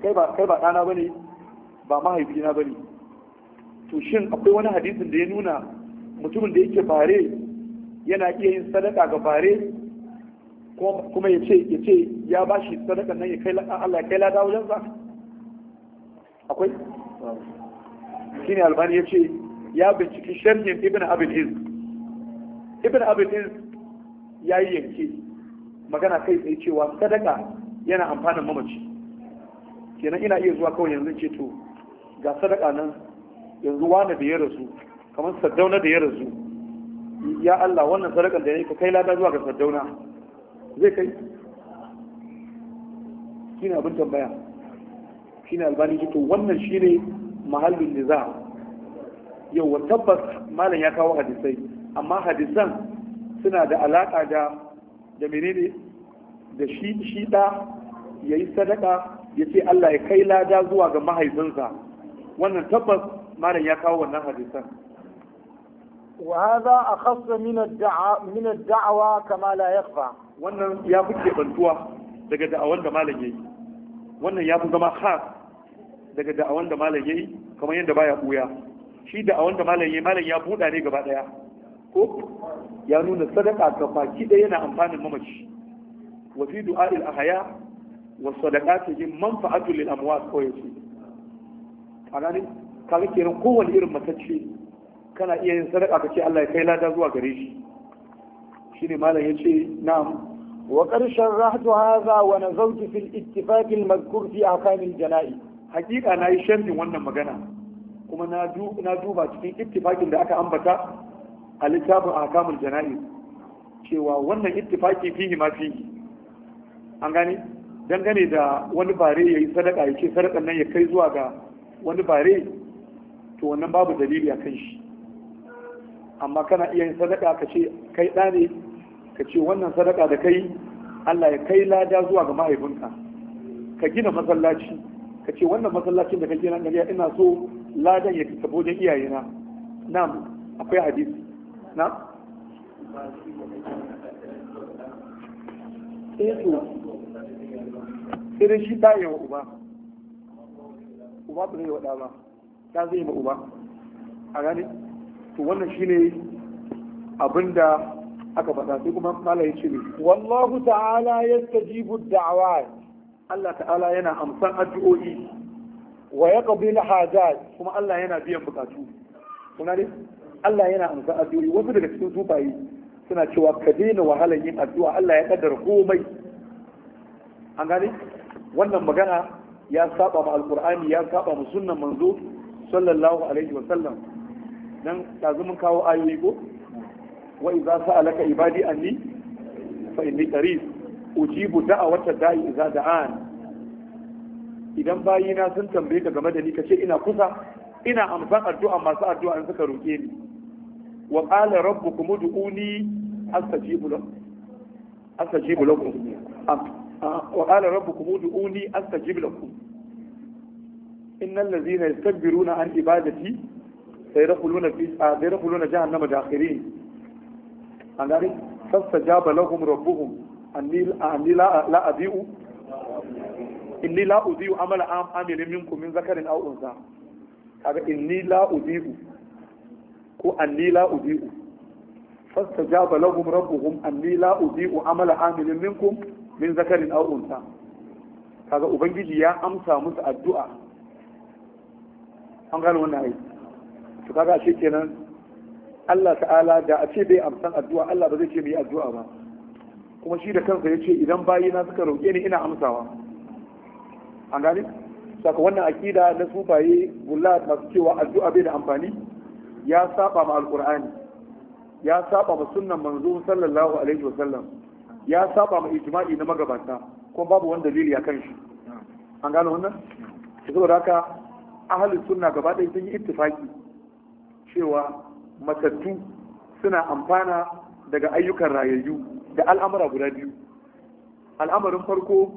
kai ba kai ba ɗana bane ba mahaifina bane to shin akwai wani hadisin da ya nuna mutumin da yake bare yana iya yin sadaka ga bare kuma ya ce ya ce ya ba shi sadakan nan ya kai Allah ya kai lada wajen sa akwai shine albani ya ce ya binciki sharhin ibn abul iz ibn abul iz ya yi yanke magana kai tsaye cewa sadaka yana amfanin mamaci kenan ina iya zuwa kawai yanzu ce to ga sadaka nan yanzu wani da ya rasu kamar saddauna da ya rasu ya Allah wannan sadakan da ya yi ka kai lada zuwa ga saddauna zai kai shi abin tambaya shi ne albani to wannan shi ne mahallin niza yau wa tabbas malam ya kawo hadisai amma hadisan suna da alaƙa da da menene da shi shi da ya sadaka yace Allah ya kai lada zuwa ga mahaifinsa wannan tabbas malam ya kawo wannan hadisan Wa أخص من الدعوة من الدعوة كما لا يخفى wannan ya fi daga da'awan da malam wannan ya fi zama daga da'awan da malam yayi yadda baya buya shi da'awan da malam malam ya buɗa ne gaba ɗaya ya nuna sadaka ga baki ɗaya yana amfanin mamaci wa fi du'a'il ahya wa sadaqatihim manfa'atu lil amwat ko yace a ranar kaga kenan kowane irin matacce kana iya yin sadaka ka ce Allah ya kai lada zuwa gare shi shine malam yace na'am وقد شرحت هذا ونظرت في الاتفاق المذكور في janai hakika na yi sharhin wannan magana kuma na duba cikin ittifakin da aka ambata a littafin ahkamul jana'i cewa wannan ittifaki fihi ma fihi an gane dangane da wani bare ya yi sadaka ya ce sadakan nan ya kai zuwa ga wani bare to wannan babu dalili a kan shi amma kana iya yin sadaka ka ce kai ɗa ne ka ce wannan sadaka da kai Allah ya kai lada zuwa ga mahaifinka ka gina masallaci ka ce wannan masallacin da ka gina gariya ina so ladan ya fita bude iyayena na'am akwai hadisi na. eh to shi ta yi wa uba uba ba zai wada ba ta zai ma uba a gane to wannan shine abinda aka faɗa sai kuma Allah ya ce ne wallahu ta'ala yastajibu da'awat Allah ta'ala yana amsan addu'o'i wa yaqbi al-hajat kuma Allah yana biyan bukatu kuna ne Allah yana amsan addu'o'i wasu daga cikin sufayi suna cewa ka daina wahalar yin addu'a Allah ya kaddara komai an gane wannan magana ya saba ma alqur'ani ya saba ma sunnan manzo sallallahu alaihi wa sallam dan ta mun kawo ayoyi ko wa idza sa'alaka ibadi anni fa inni qarib ujibu da'awata da'i idza da'an idan bayina sun tambaye ka game da ni kace ina kusa ina amsan addu'a masu addu'a in suka roke ni wa qala rabbukum ud'uni astajibu lakum astajibu lakum wa qala rabbukum ud'uni astajibu lakum innal ladhina yastakbiruna an ibadati sai rakuluna fi sai rakuluna jahannama dakhirin an gari fastajaba lahum rabbuhum anni anni la la adiu inni la udiu amala am amilin min zakarin aw unsa kaga inni la udiu ko anni la udiu fastajaba lahum rabbuhum anni la udiu amala amilin minkum min zakarin aw unsa kaga ubangiji ya amsa musu addu'a an to kaga shi kenan Allah ta'ala da a ce bai amsan addu'a Allah ba zai ce mu yi addu'a ba kuma shi da kansa ya ce idan na suka roƙe ni ina amsawa an gane saka wannan akida na sufaye gulla masu cewa addu'a bai da amfani ya saba ma alqur'ani ya saba ma sunnan manzo sallallahu alaihi wa sallam ya saba ma ijma'i na magabata ko babu wani dalili a kan shi an gane wannan saboda haka ahlus sunna gaba ɗaya sun yi ittifaki cewa matattu suna amfana daga ayyukan rayayyu da al'amura guda biyu al'amarin farko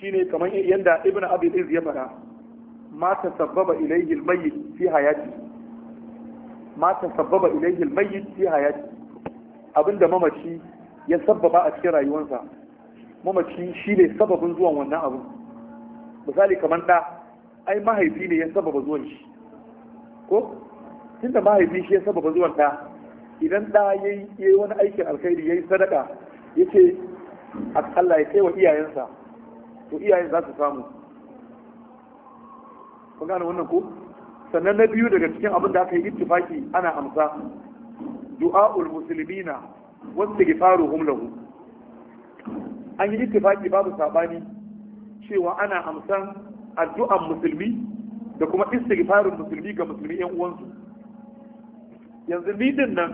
shine kamar yadda ibn abi ya faɗa mata tasabbaba ilayhi al-mayyit fi hayati mata sababa ilayhi al fi hayati abinda mamaci ya sabbaba a cikin rayuwarsa mamaci shine sababin zuwan wannan abu misali kamar da ai mahaifi ne ya sababa zuwan shi ko tunda mahaifi shi ya saba zuwan ta idan da ya yi wani aikin alkhairi ya yi sadaka ya ce Allah ya kai wa iyayensa to iyayen za su samu kun gane wannan ko sannan na biyu daga cikin abin da aka yi ittifaki ana amsa du'a'ul muslimina wastighfaruhum lahu an yi ittifaki babu sabani cewa ana amsan addu'an musulmi da kuma istighfarun musulmi ga musulmi yan uwansu yanzu ni din nan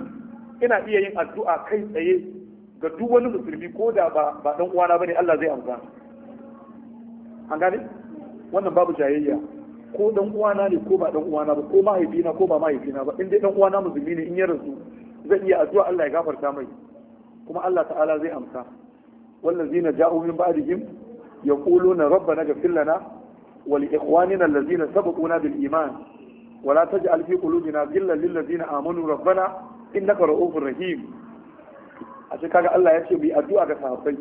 ina iya yin addu'a kai tsaye ga duk wani musulmi ko da ba ba dan uwana bane Allah zai amsa an gane wannan babu jayayya ko dan uwana ne ko ba dan uwana ba ko mahaifina ko ba mahaifina ba in dai dan uwana musulmi ne in ya rasu zai iya addu'a Allah ya gafarta mai kuma Allah ta'ala zai amsa wallazina ja'u min ba'dihim yaquluna rabbana ighfir lana wa li ikhwanina allazina sabaquna bil iman wala taj'al fi qulubina ghillan lil ladina amanu rabbana innaka ra'ufur rahim a ce kaga Allah ya ce bi addu'a ga sahabbai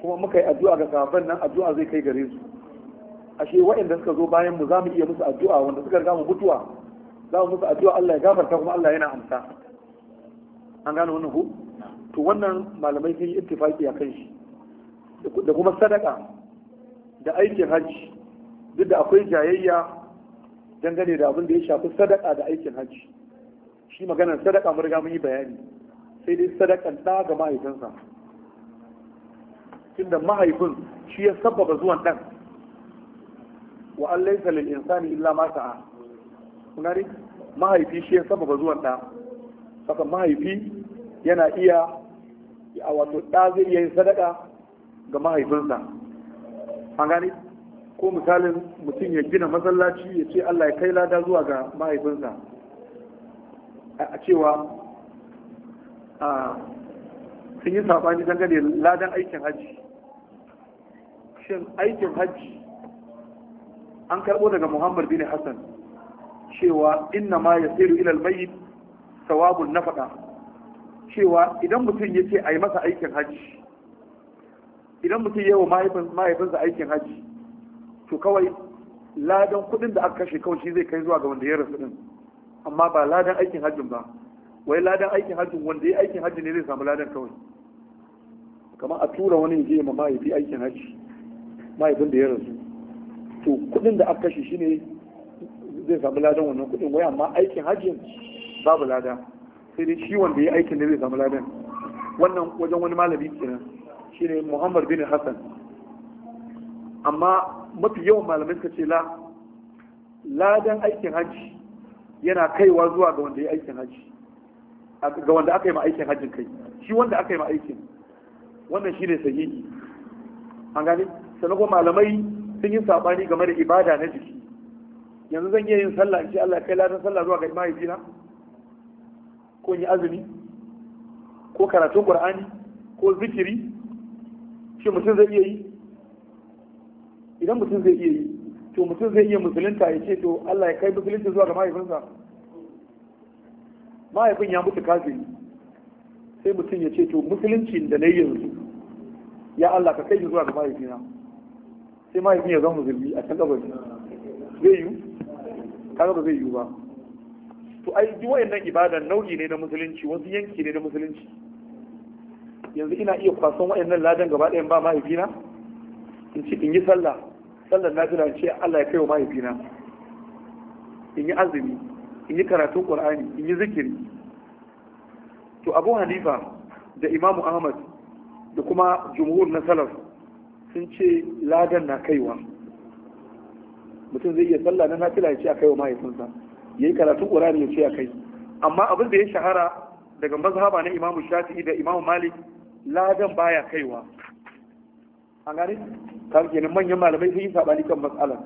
kuma muka yi addu'a ga sahabban nan addu'a zai kai gare su ashe waɗanda suka zo bayan mu za iya musu addu'a wanda suka riga mu mutuwa za mu musu addu'a Allah ya gafarta kuma Allah yana amsa an gane wannan ku to wannan malamai sun yi ittifaki a kan shi da kuma sadaka da aikin haji duk da akwai jayayya dangane da abin da ya shafi sadaka da aikin hajji shi maganar sadaka mun riga mun yi bayani sai dai sadakan ɗa ga mahaifinsa tunda mahaifin shi ya sabbaba zuwan ɗan wa an laisa lil insani illa ma sa'a kuna ne mahaifi shi ya sabbaba zuwan ɗa saka mahaifi yana iya a wato ɗa zai iya yin sadaka ga mahaifinsa an gane ko misalin mutum ya gina masallaci ya ce Allah ya kai lada zuwa ga mahaifinsa a cewa a sun yi saɓani dangane ladan aikin hajji shin aikin hajji an karɓo daga muhammad bin hassan cewa inna ma ya tsiru ilal mayyit sawabun na faɗa cewa idan mutum ya ce a yi masa aikin hajji idan mutum wa mahaifinsa aikin hajji to kawai ladan kudin da aka kashe kawai shi zai kai zuwa ga wanda ya rasu din amma ba ladan aikin hajjin ba wai ladan aikin hajjin wanda ya aikin hajji ne zai samu ladan kawai kamar a tura wani je ma mahaifi aikin hajji mahaifin da ya rasu to kudin da aka kashe shi ne zai samu ladan wannan kudin wai amma aikin hajjin babu lada sai dai shi wanda ya aikin ne zai samu ladan wannan wajen wani malami kenan shine Muhammad bin Hassan amma mafi yawan malamai suka ce la ladan aikin hajji yana kaiwa zuwa ga wanda ya aikin hajji ga wanda aka yi ma aikin hajjin kai shi wanda aka yi ma aikin wannan shi ne sahihi an gani, sannan kuma malamai sun yi saɓani game da ibada na jiki yanzu zan iya yin sallah in ce Allah kai ladan sallah zuwa ga mahaifina ko in yi azumi ko karatun qur'ani ko zikiri shi mutum zai iya yi idan mutum zai iya yi to mutum zai iya musulunta ya ce to Allah ya kai musulunci zuwa ga mahaifinsa mahaifin ya mutu kafiri sai mutum ya ce to musulunci da na yi yanzu ya Allah ka kai zuwa ga mahaifina sai mahaifin ya zama musulmi a can gabas zai yiwu kaga ba zai yiwu ba to ai duk wayannan ibada nau'i ne na musulunci wasu yanki ne na musulunci yanzu ina iya kwason wayannan ladan gaba ɗayan ba mahaifina in ci in yi sallah sallar nafila ce Allah ya kaiwa mahaifina in yi azumi in yi karatun qur'ani in yi zikiri to Abu Hanifa da Imam Ahmad da kuma jumhur na salaf sun ce ladan na kaiwa mutum zai iya sallah na nafila ya ce a kaiwa mahaifinsa ya yi karatun qur'ani ya ce a kai amma abin da ya shahara daga mazhaba na Imam Shafi'i da Imam Malik ladan baya kaiwa an gane kaga kenan manyan malamai sun yi sabani kan matsalar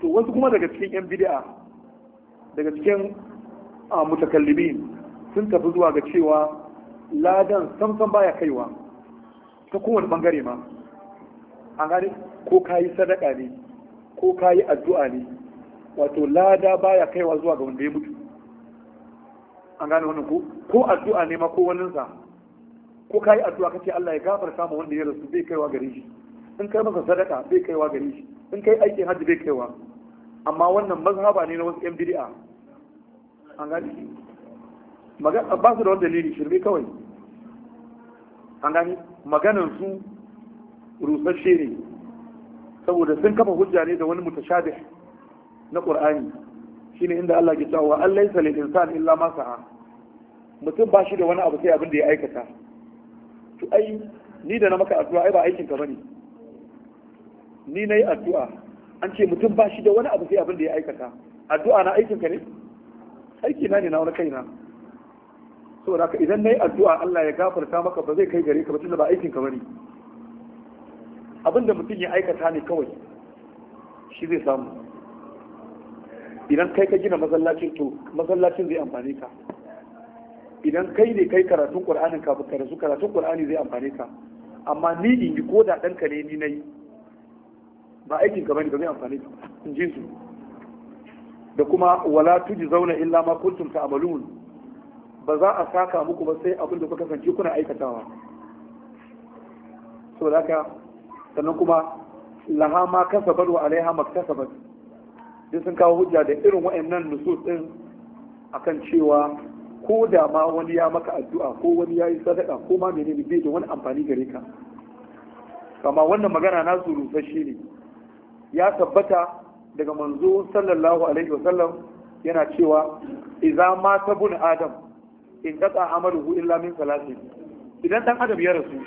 to wasu kuma daga cikin yan bid'a daga cikin mutakallimi sun tafi zuwa ga cewa ladan samsan baya kaiwa ta kowane bangare ma an gane ko kayi sadaka ne ko kayi addu'a ne wato lada baya kaiwa zuwa ga wanda ya mutu an gane wannan ko ko addu'a ne ma ko waninsa ko ka yi addu'a kace Allah ya gafarta ma wanda ya rasu bai kaiwa gare shi in kai masa sadaka bai kaiwa gare shi in kai aikin hajji bai kaiwa amma wannan mazhaba ne na wasu yan bid'a an gani magana ba su da wani dalili shirme kawai an gani maganan su rusasshe ne saboda sun kafa hujja ne da wani mutashabih na qur'ani shine inda Allah ke cewa an laysa lil insani illa ma sa'a mutum ba shi da wani abu sai abin da ya aikata to ai ni da na maka addu'a ai ba aikin ka bane ni nayi addu'a an ce mutum ba shi da wani abu sai abin da ya aikata addu'a na aikin ka ne aiki na ne na wani kaina saboda ka idan nayi addu'a Allah ya gafarta maka ba zai kai gare ka ba tunda ba aikin ka bane abin da mutum ya aikata ne kawai shi zai samu idan kai ka gina masallacin to masallacin zai amfani ka idan kai ne kai karatun qur'anin ka ba karatu karatun qur'ani zai amfane ka amma ni in yi ko da ka ne ni nayi ba aikin ka bane ba zai amfane ka in ji su da kuma wala tuji zauna illa ma kuntum ta'malun ba za a saka muku ba sai abin da kuka kasance kuna aikatawa da haka sannan kuma laha ma kasabar wa alaiha maktasabat duk sun kawo hujja da irin wa'annan nusus din akan cewa ko da ma wani ya maka addu'a ko wani ya yi sadaka ko ma menene bai da wani amfani gare ka kama wannan magana na su shi ne ya tabbata daga manzo sallallahu alaihi wasallam yana cewa idza ta tabun adam in qata amaluhu illa min salatin idan dan adam ya rasu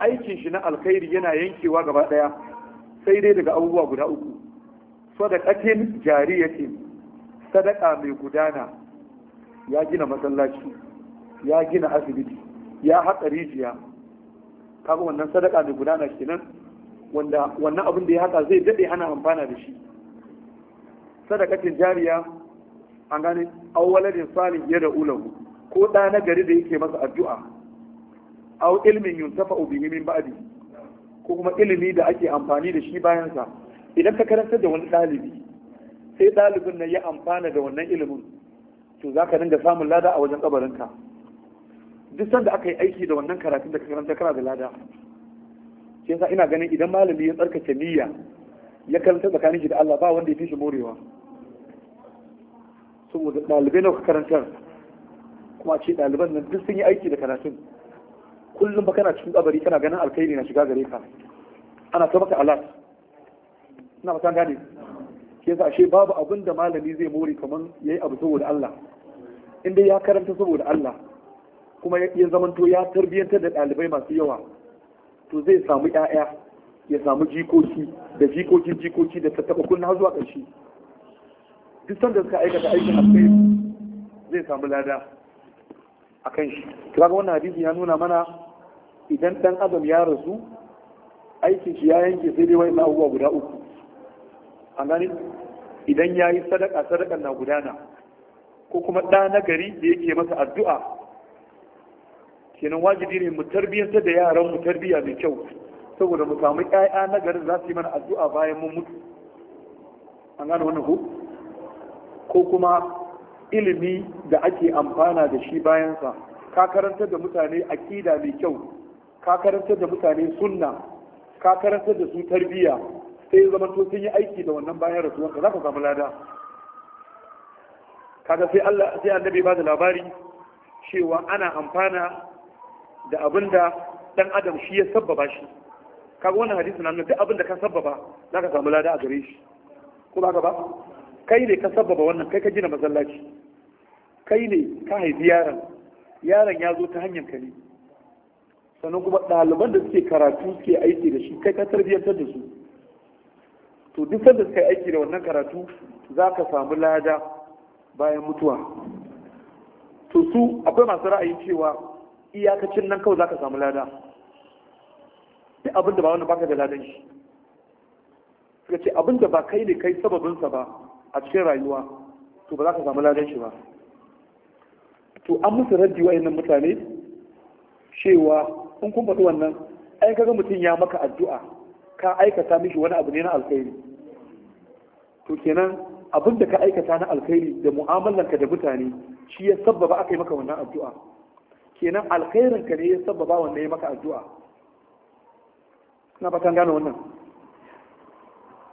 aikin shi na alkhairi yana yankewa gaba daya sai dai daga abubuwa guda uku sadaqatin jariyatin sadaka mai gudana ya gina masallaci ya gina asibiti ya haƙa rijiya kaga wannan sadaka mai gudana kenan wanda wannan abin da ya haƙa zai daɗe ana amfana da shi Sadakacin jariya an gane awwaladin salih ya da ulahu ko ɗa na gari da yake masa addu'a aw ilmin yuntafa bihi min ba'di ko kuma ilimi da ake amfani da shi bayan sa idan ka karantar da wani ɗalibi sai ɗalibin nan ya amfana da wannan ilimin to za ka dinga samun lada a wajen kabarinka duk sanda aka yi aiki da wannan karatun da ka karanta kana da lada shi yasa ina ganin idan malami ya tsarkake niyya ya karanta tsakanin shi da Allah ba wanda ya fi shi morewa saboda dalibai nawa ka karantar kuma ce daliban nan duk sun yi aiki da karatun kullum ba kana cikin kabari kana ganin alkhairi na shiga gare ka ana ta maka alat ina ba ta gane shi yasa shi babu abin da malami zai more kaman yayi abu saboda Allah inda ya karanta saboda Allah kuma ya zamanto ya tarbiyyantar da ɗalibai masu yawa to zai samu ƴaƴa ya samu jikoki da jikokin jikoki da taɓa kunna zuwa ƙarshe duk sanda suka aikata aikin alkhairi zai samu lada a kan shi kaga wannan hadisi ya nuna mana idan ɗan adam ya rasu aikin shi ya yanke sai dai wani abubuwa guda uku an gane idan ya yi sadaka sadakan na gudana ko kuma ɗa na gari da yake masa addu'a kenan wajibi ne mu tarbiyyantar da yaran mu tarbiyya mai kyau saboda mu samu ƴaƴa na garin za su yi mana addu'a bayan mun mutu an gane wannan ko ko kuma ilimi da ake amfana da shi bayansa sa ka karantar da mutane ƙida mai kyau ka karantar da mutane sunna ka karantar da su tarbiyya sai ya zama sun yi aiki da wannan bayan rasuwan ka za ku samu lada kaga sai Allah sai annabi ba da labari cewa ana amfana da abinda dan adam shi ya sabbaba shi kaga wannan hadisi na duk abinda ka sabbaba za ka samu lada a gare shi ko ba ka ba kai ne ka sabbaba wannan kai ka gina masallaci kai ne ka haifi yaron yaron ya zo ta hanyar ka ne sannan kuma ɗaliban da suke karatu suke aiki da shi kai ka tarbiyyantar da su to duk sanda suka yi aiki da wannan karatu za ka samu lada bayan mutuwa to su akwai masu ra'ayin cewa iyakacin nan kawai za ka samu lada duk abin da ba wani baka da ladan shi suka ce abin da ba kai ne kai sababinsa ba a cikin rayuwa to ba za ka samu ladan shi ba to an musu raddi wa'annan mutane cewa in kun faɗi wannan ai kaga mutum ya maka addu'a ka aikata mishi wani abu ne na alkhairi to kenan abin da ka aikata na alkhairi da mu'amalanka da mutane shi ya sabbaba aka yi maka wannan addu'a kenan alkhairin ka ne ya sabbaba wannan ya maka addu'a na fatan gane wannan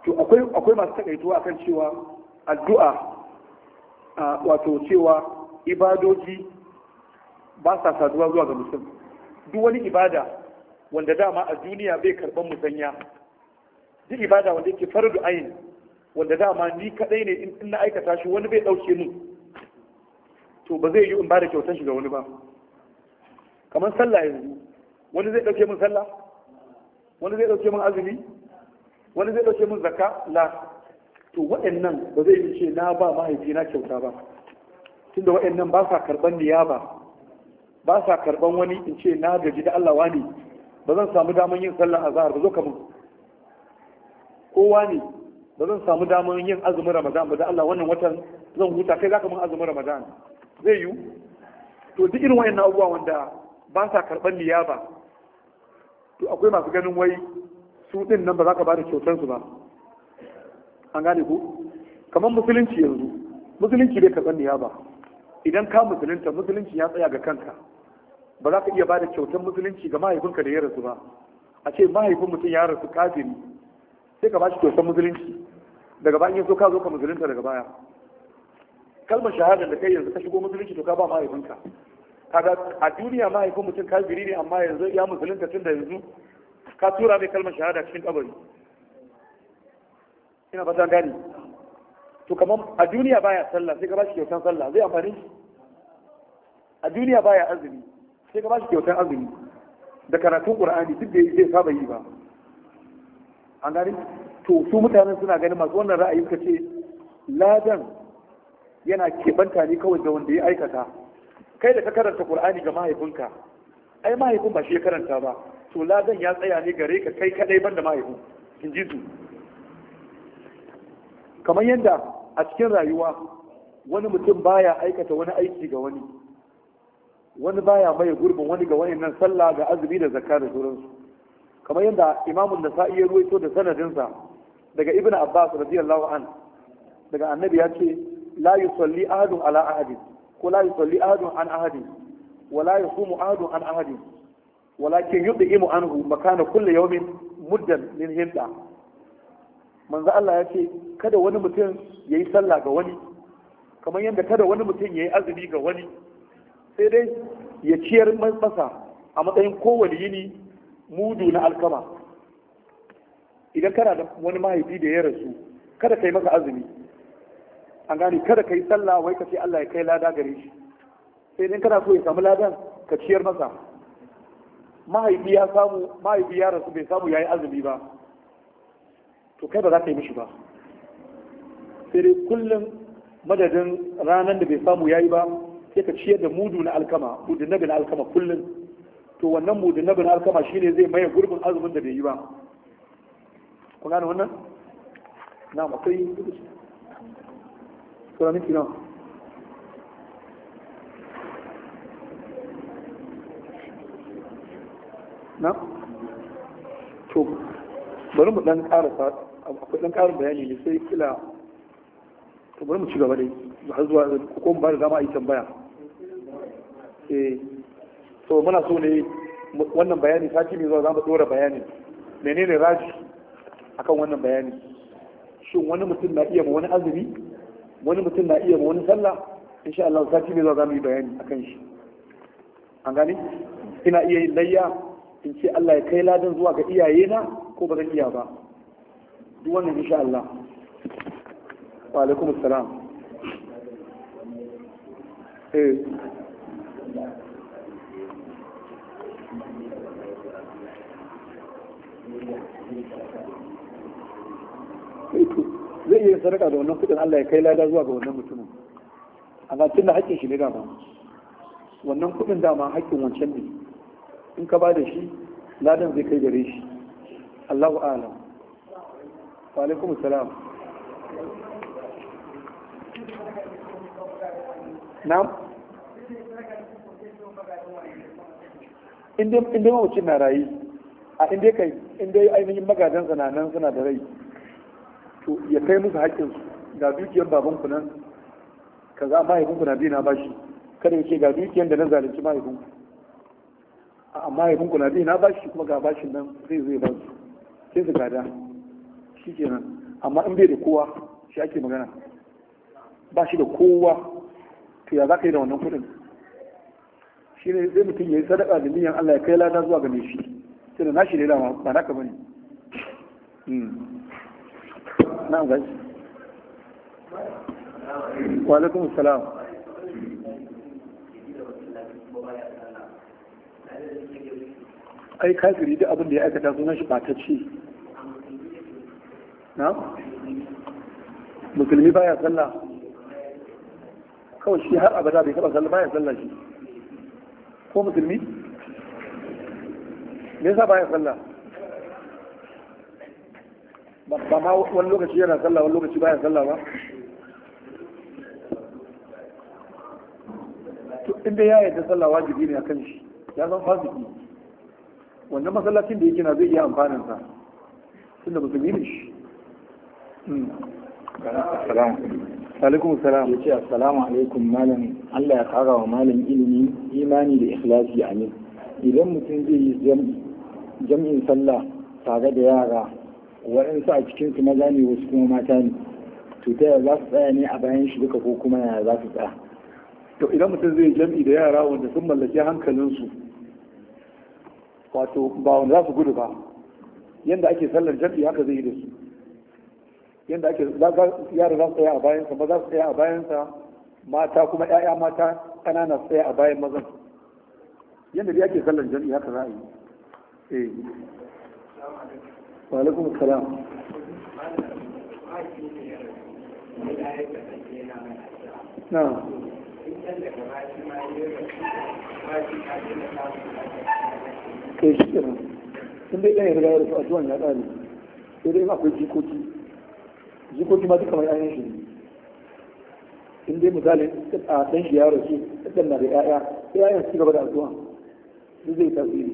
to akwai akwai masu takaituwa akan cewa addu'a wato cewa ibadoji ba sa saduwa zuwa ga musulmi duk wani ibada wanda dama a duniya bai karban musanya duk ibada wanda yake fardu ayin wanda dama ni kadai ne in na aikata shi wani bai dauke mun. to ba zai yi in bada kyautar shi ga wani ba kamar sallah yanzu wani zai dauke mun sallah wani zai dauke mun azumi wani zai dauke mun zakka la to waɗannan ba zai yi ce na ba mahaifina kyauta ba tunda waɗannan ba sa karban niyaba ba sa karban wani in ce na gaji da Allah wani ba zan samu damar yin sallar azhar ba zo ka kowa ne ba zan samu damar yin azumin ramadan ba da Allah wannan watan zan huta kai zaka mun azumin ramadan zai yiwu to duk irin wayannan abubuwa wanda ba sa karban niyaba to akwai masu ganin wai su din nan ba za ka bada kyautar su ba an gane ku kamar musulunci yanzu musulunci bai karban niyaba idan ka musulunta musulunci ya tsaya ga kanka ba za ka iya ba da kyautar musulunci ga mahaifinka da ya rasu ba a ce mahaifin mutum ya rasu kafiri sai ka ba shi kyautar musulunci daga in so ka zo ka musulunta daga baya kalmar shahada da kai yanzu ka shigo musulunci to ka ba mahaifinka kaga a duniya mahaifin mutum kafiri ne amma yanzu ya musulunta tun da yanzu ka tura mai kalmar shahada cikin kabari ina fata gani to kamar a duniya baya sallah sai ka ba shi kyautar sallah zai amfani a duniya baya azumi sai ka ba shi kyautar azumi da karatun qur'ani duk da yi zai saba yi ba an gani to su mutanen suna ganin masu wannan ra'ayi ka ce ladan yana keɓanta ne kawai da wanda ya aikata kai da ka karanta Kur'ani ga mahaifinka ai mahaifin ba shi ya karanta ba to ladan ya tsaya ne gare ka kai kadai banda mahaifin in ji su kamar yadda a cikin rayuwa wani mutum baya aikata wani aiki ga wani wani baya mai gurbin wani ga wani nan sallah ga azumi da zakka da sauransu kamar yadda imamun da sa iya ruwaito da sanadinsa daga ibnu abbas radiyallahu an daga annabi ya ce la yusalli ahadun ala ahadin ko la yusalli ahadun an ahadin wa la yusumu ahadun an ahadin walakin yud'imu anhu makana kulli yawmin muddan min hinda manzo Allah ya ce kada wani mutum yayi sallah ga wani kamar yadda kada wani mutum yayi azumi ga wani sai dai ya ciyar masa a matsayin kowane yini mudu na alkama idan kana da wani mahaifi da ya rasu kada ka yi masa azumi an gane kada ka yi sallah wai ka ce Allah ya kai lada gare shi sai dai kana so ya samu ladan ka ciyar masa mahaifi ya samu mahaifi ya rasu bai samu yayi azumi ba to kai ba za ka yi mishi ba sai dai kullum madadin ranar da bai samu yayi ba sai ka ciyar da mudu na alkama mudu na alkama kullum to wannan mudu na na alkama shine zai maye gurbin azumin da bai yi ba ku gane wannan na akwai sura miki nawa na to bari mu dan karasa akwai dan karin bayani ne sai kila to bari mu ci gaba dai har zuwa ko mu ba da dama a yi tambaya so eh, muna so ne wannan bayani sati mai zuwa za mu dora bayani menene raji akan wannan bayani shin wani mutum na iya ma wani azumi wani mutum na iya ma wani sallah insha Allah sati mai zuwa za mu yi bayani akan shi an gani ina iya yin layya in ce Allah ya kai ladan zuwa ga iyayena ko ba zan iya ba duk wannan insha Allah wa alaikum assalam eh zai iya sadaka da wannan kudin Allah ya kai lada zuwa ga wannan mutumin amma tun da haƙƙin shi ne dama wannan kudin dama haƙƙin wancan ne in ka ba da shi ladan zai kai gare shi Allahu a'lam wa alaikum salam na'am inda mawucin na rayu a inda kai inda ainihin magadan nan suna da rai to ya kai musu haƙƙinsu ga dukiyar babanku nan kaza mahaifinku na biyu na bashi kada ya ce ga dukiyar da na zalunci mahaifinku amma na biyu na bashi kuma ga bashin nan zai zai ba su sai su gada shi kenan amma in bai da kowa shi ake magana ba shi da kowa to ya za ka yi da wannan kudin shi ne zai mutum ya yi sadaka da niyan Allah ya kai lada zuwa ga mai shi sai da shi ne dama ba naka bane hmm. na'am gaji wa alaikum salam ai kafiri duk abin da ya aikata sunan shi batacce na musulmi baya sallah kawai shi har abada bai taba sallah baya sallah shi ko musulmi me yasa baya sallah ba ma wani lokaci yana sallah wani lokaci baya sallah ba to inda ya yadda sallah wajibi ne akan shi ya zan fasiki wannan masallacin da yake na zai iya amfanin sa tunda musulmi ne shi hmm. alaikum salam yace assalamu alaikum malam Allah ya kara wa malam ilimi imani da ikhlasi amin idan mutum zai yi jam'in sallah tare da yara waɗansu a cikin su maza ne wasu kuma mata ne to ta za su tsaya ne a bayan shi duka ko kuma yaya za su tsaya to idan mutum zai jam'i da yara wanda sun mallaki hankalinsu wato ba wanda za su gudu ba yadda ake sallar jam'i haka zai yi da su yadda ake yara za su tsaya a bayansa ba za su tsaya a bayansa mata kuma ƴaƴa mata ƙanana tsaya a bayan mazan yadda da ake sallan jami'i haka za a yi eh wa alaikum salam na shi ne sun dai ɗaya riga ya a addu'an ya ɗari sai dai akwai jikoki jikoki ma duka mai ainihin shi ne in dai misalin a dan shi ya rasu dan na da ƴaƴa ƴaƴan su gaba da addu'a duk zai tasiri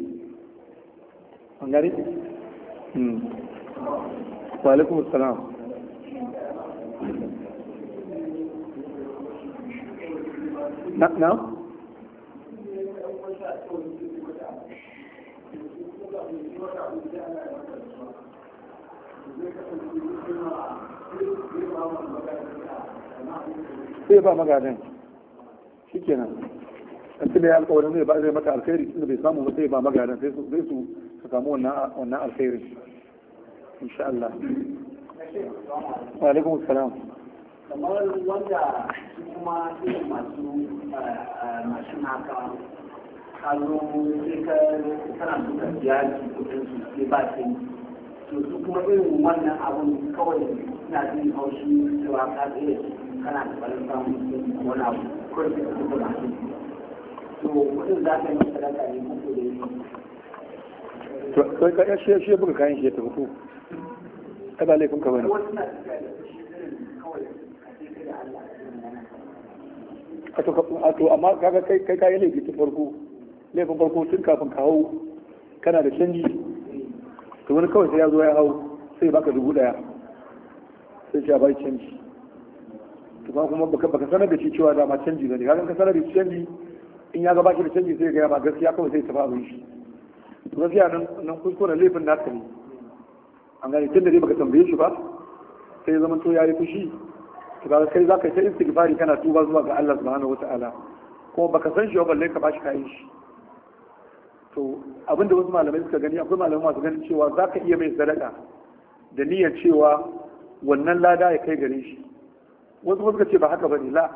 an gani hmm. wa alaikum assalam na na Thank you. sai ba magadan shikenan an tuna ya alƙawarin zai ba zai maka alkhairi tunda bai samu ba sai ba magadan sai su su samu wannan wannan alkhairin insha Allah wa alaikum assalam kamar wanda kuma irin masu eh, eh, masu naka kalo sai ka tana duka biyaji kudin su sai ba ke yi to su kuma irin wannan abun kawai suna jin haushi cewa ka tsaye kana da wani samun wani abu kawai da kuma kuma to kudin za ka yi masa sadaka ne ko da yi to sai ka shi shi buga kayan shi ya tafi ko kada laifin ka bane a to amma kaga kai kai kai laifi tun farko laifin farko tun kafin ka hau kana da canji to wani kawai sai ya zo ya hau sai baka dubu daya sai ya bai canji to kuma baka sanar da shi cewa dama canji ne kaga ka sanar da shi canji in ya gabaki da canji sai ga ba gaskiya kawai sai tafi abin shi gaskiya nan nan kuskuren laifin na ne an gane tun da dai baka tambaye shi ba sai ya to yayi fushi to kaga kai zaka yi ta istighfari kana tuba zuwa ga Allah subhanahu wataala ko baka san shi ba balle ka bashi kayan shi to abinda wasu malamai suka gani akwai malamai masu ganin cewa zaka iya mai sadaka da niyyar cewa wannan lada ya kai gare shi wasu suka ce ba haka ba la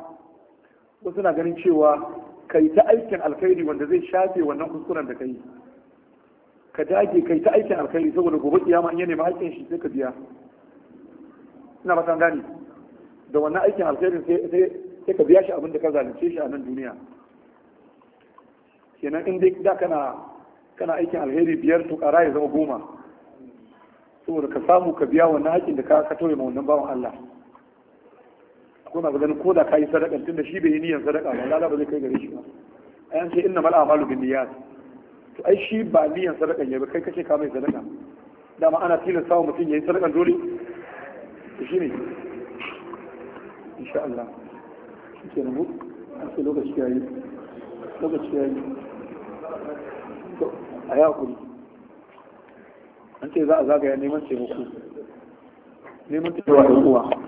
wasu na ganin cewa ka yi ta aikin alkhairi wanda zai shafe wannan kuskuren da ka yi ka dage kai ta aikin alkhairi saboda gobe kiyama in ya nemi aikin shi sai ka biya ina ba gani da wannan aikin alkhairi sai ka biya shi abin da ka zalunce shi a nan duniya kenan in dai da kana kana aikin alheri biyar to kara ya zama goma saboda ka samu ka biya wannan aikin da ka ka ma wannan bawan Allah Kuma na ganin ko da kayi sadaka tun da shi bai yi niyyar sadaka ba lada ba zai kai gare shi ba ayan ce inna mal amalu bin niyyat to ai shi ba niyyar sadaka ne ba kai kace ka mai sadaka dama ana tilin sawo mutum yayin sadakan dole shi ne insha Allah ke rubu an ce lokaci yayi lokaci yayi to a ya kuri an ce za a zagaya neman taimako neman taimako da uwa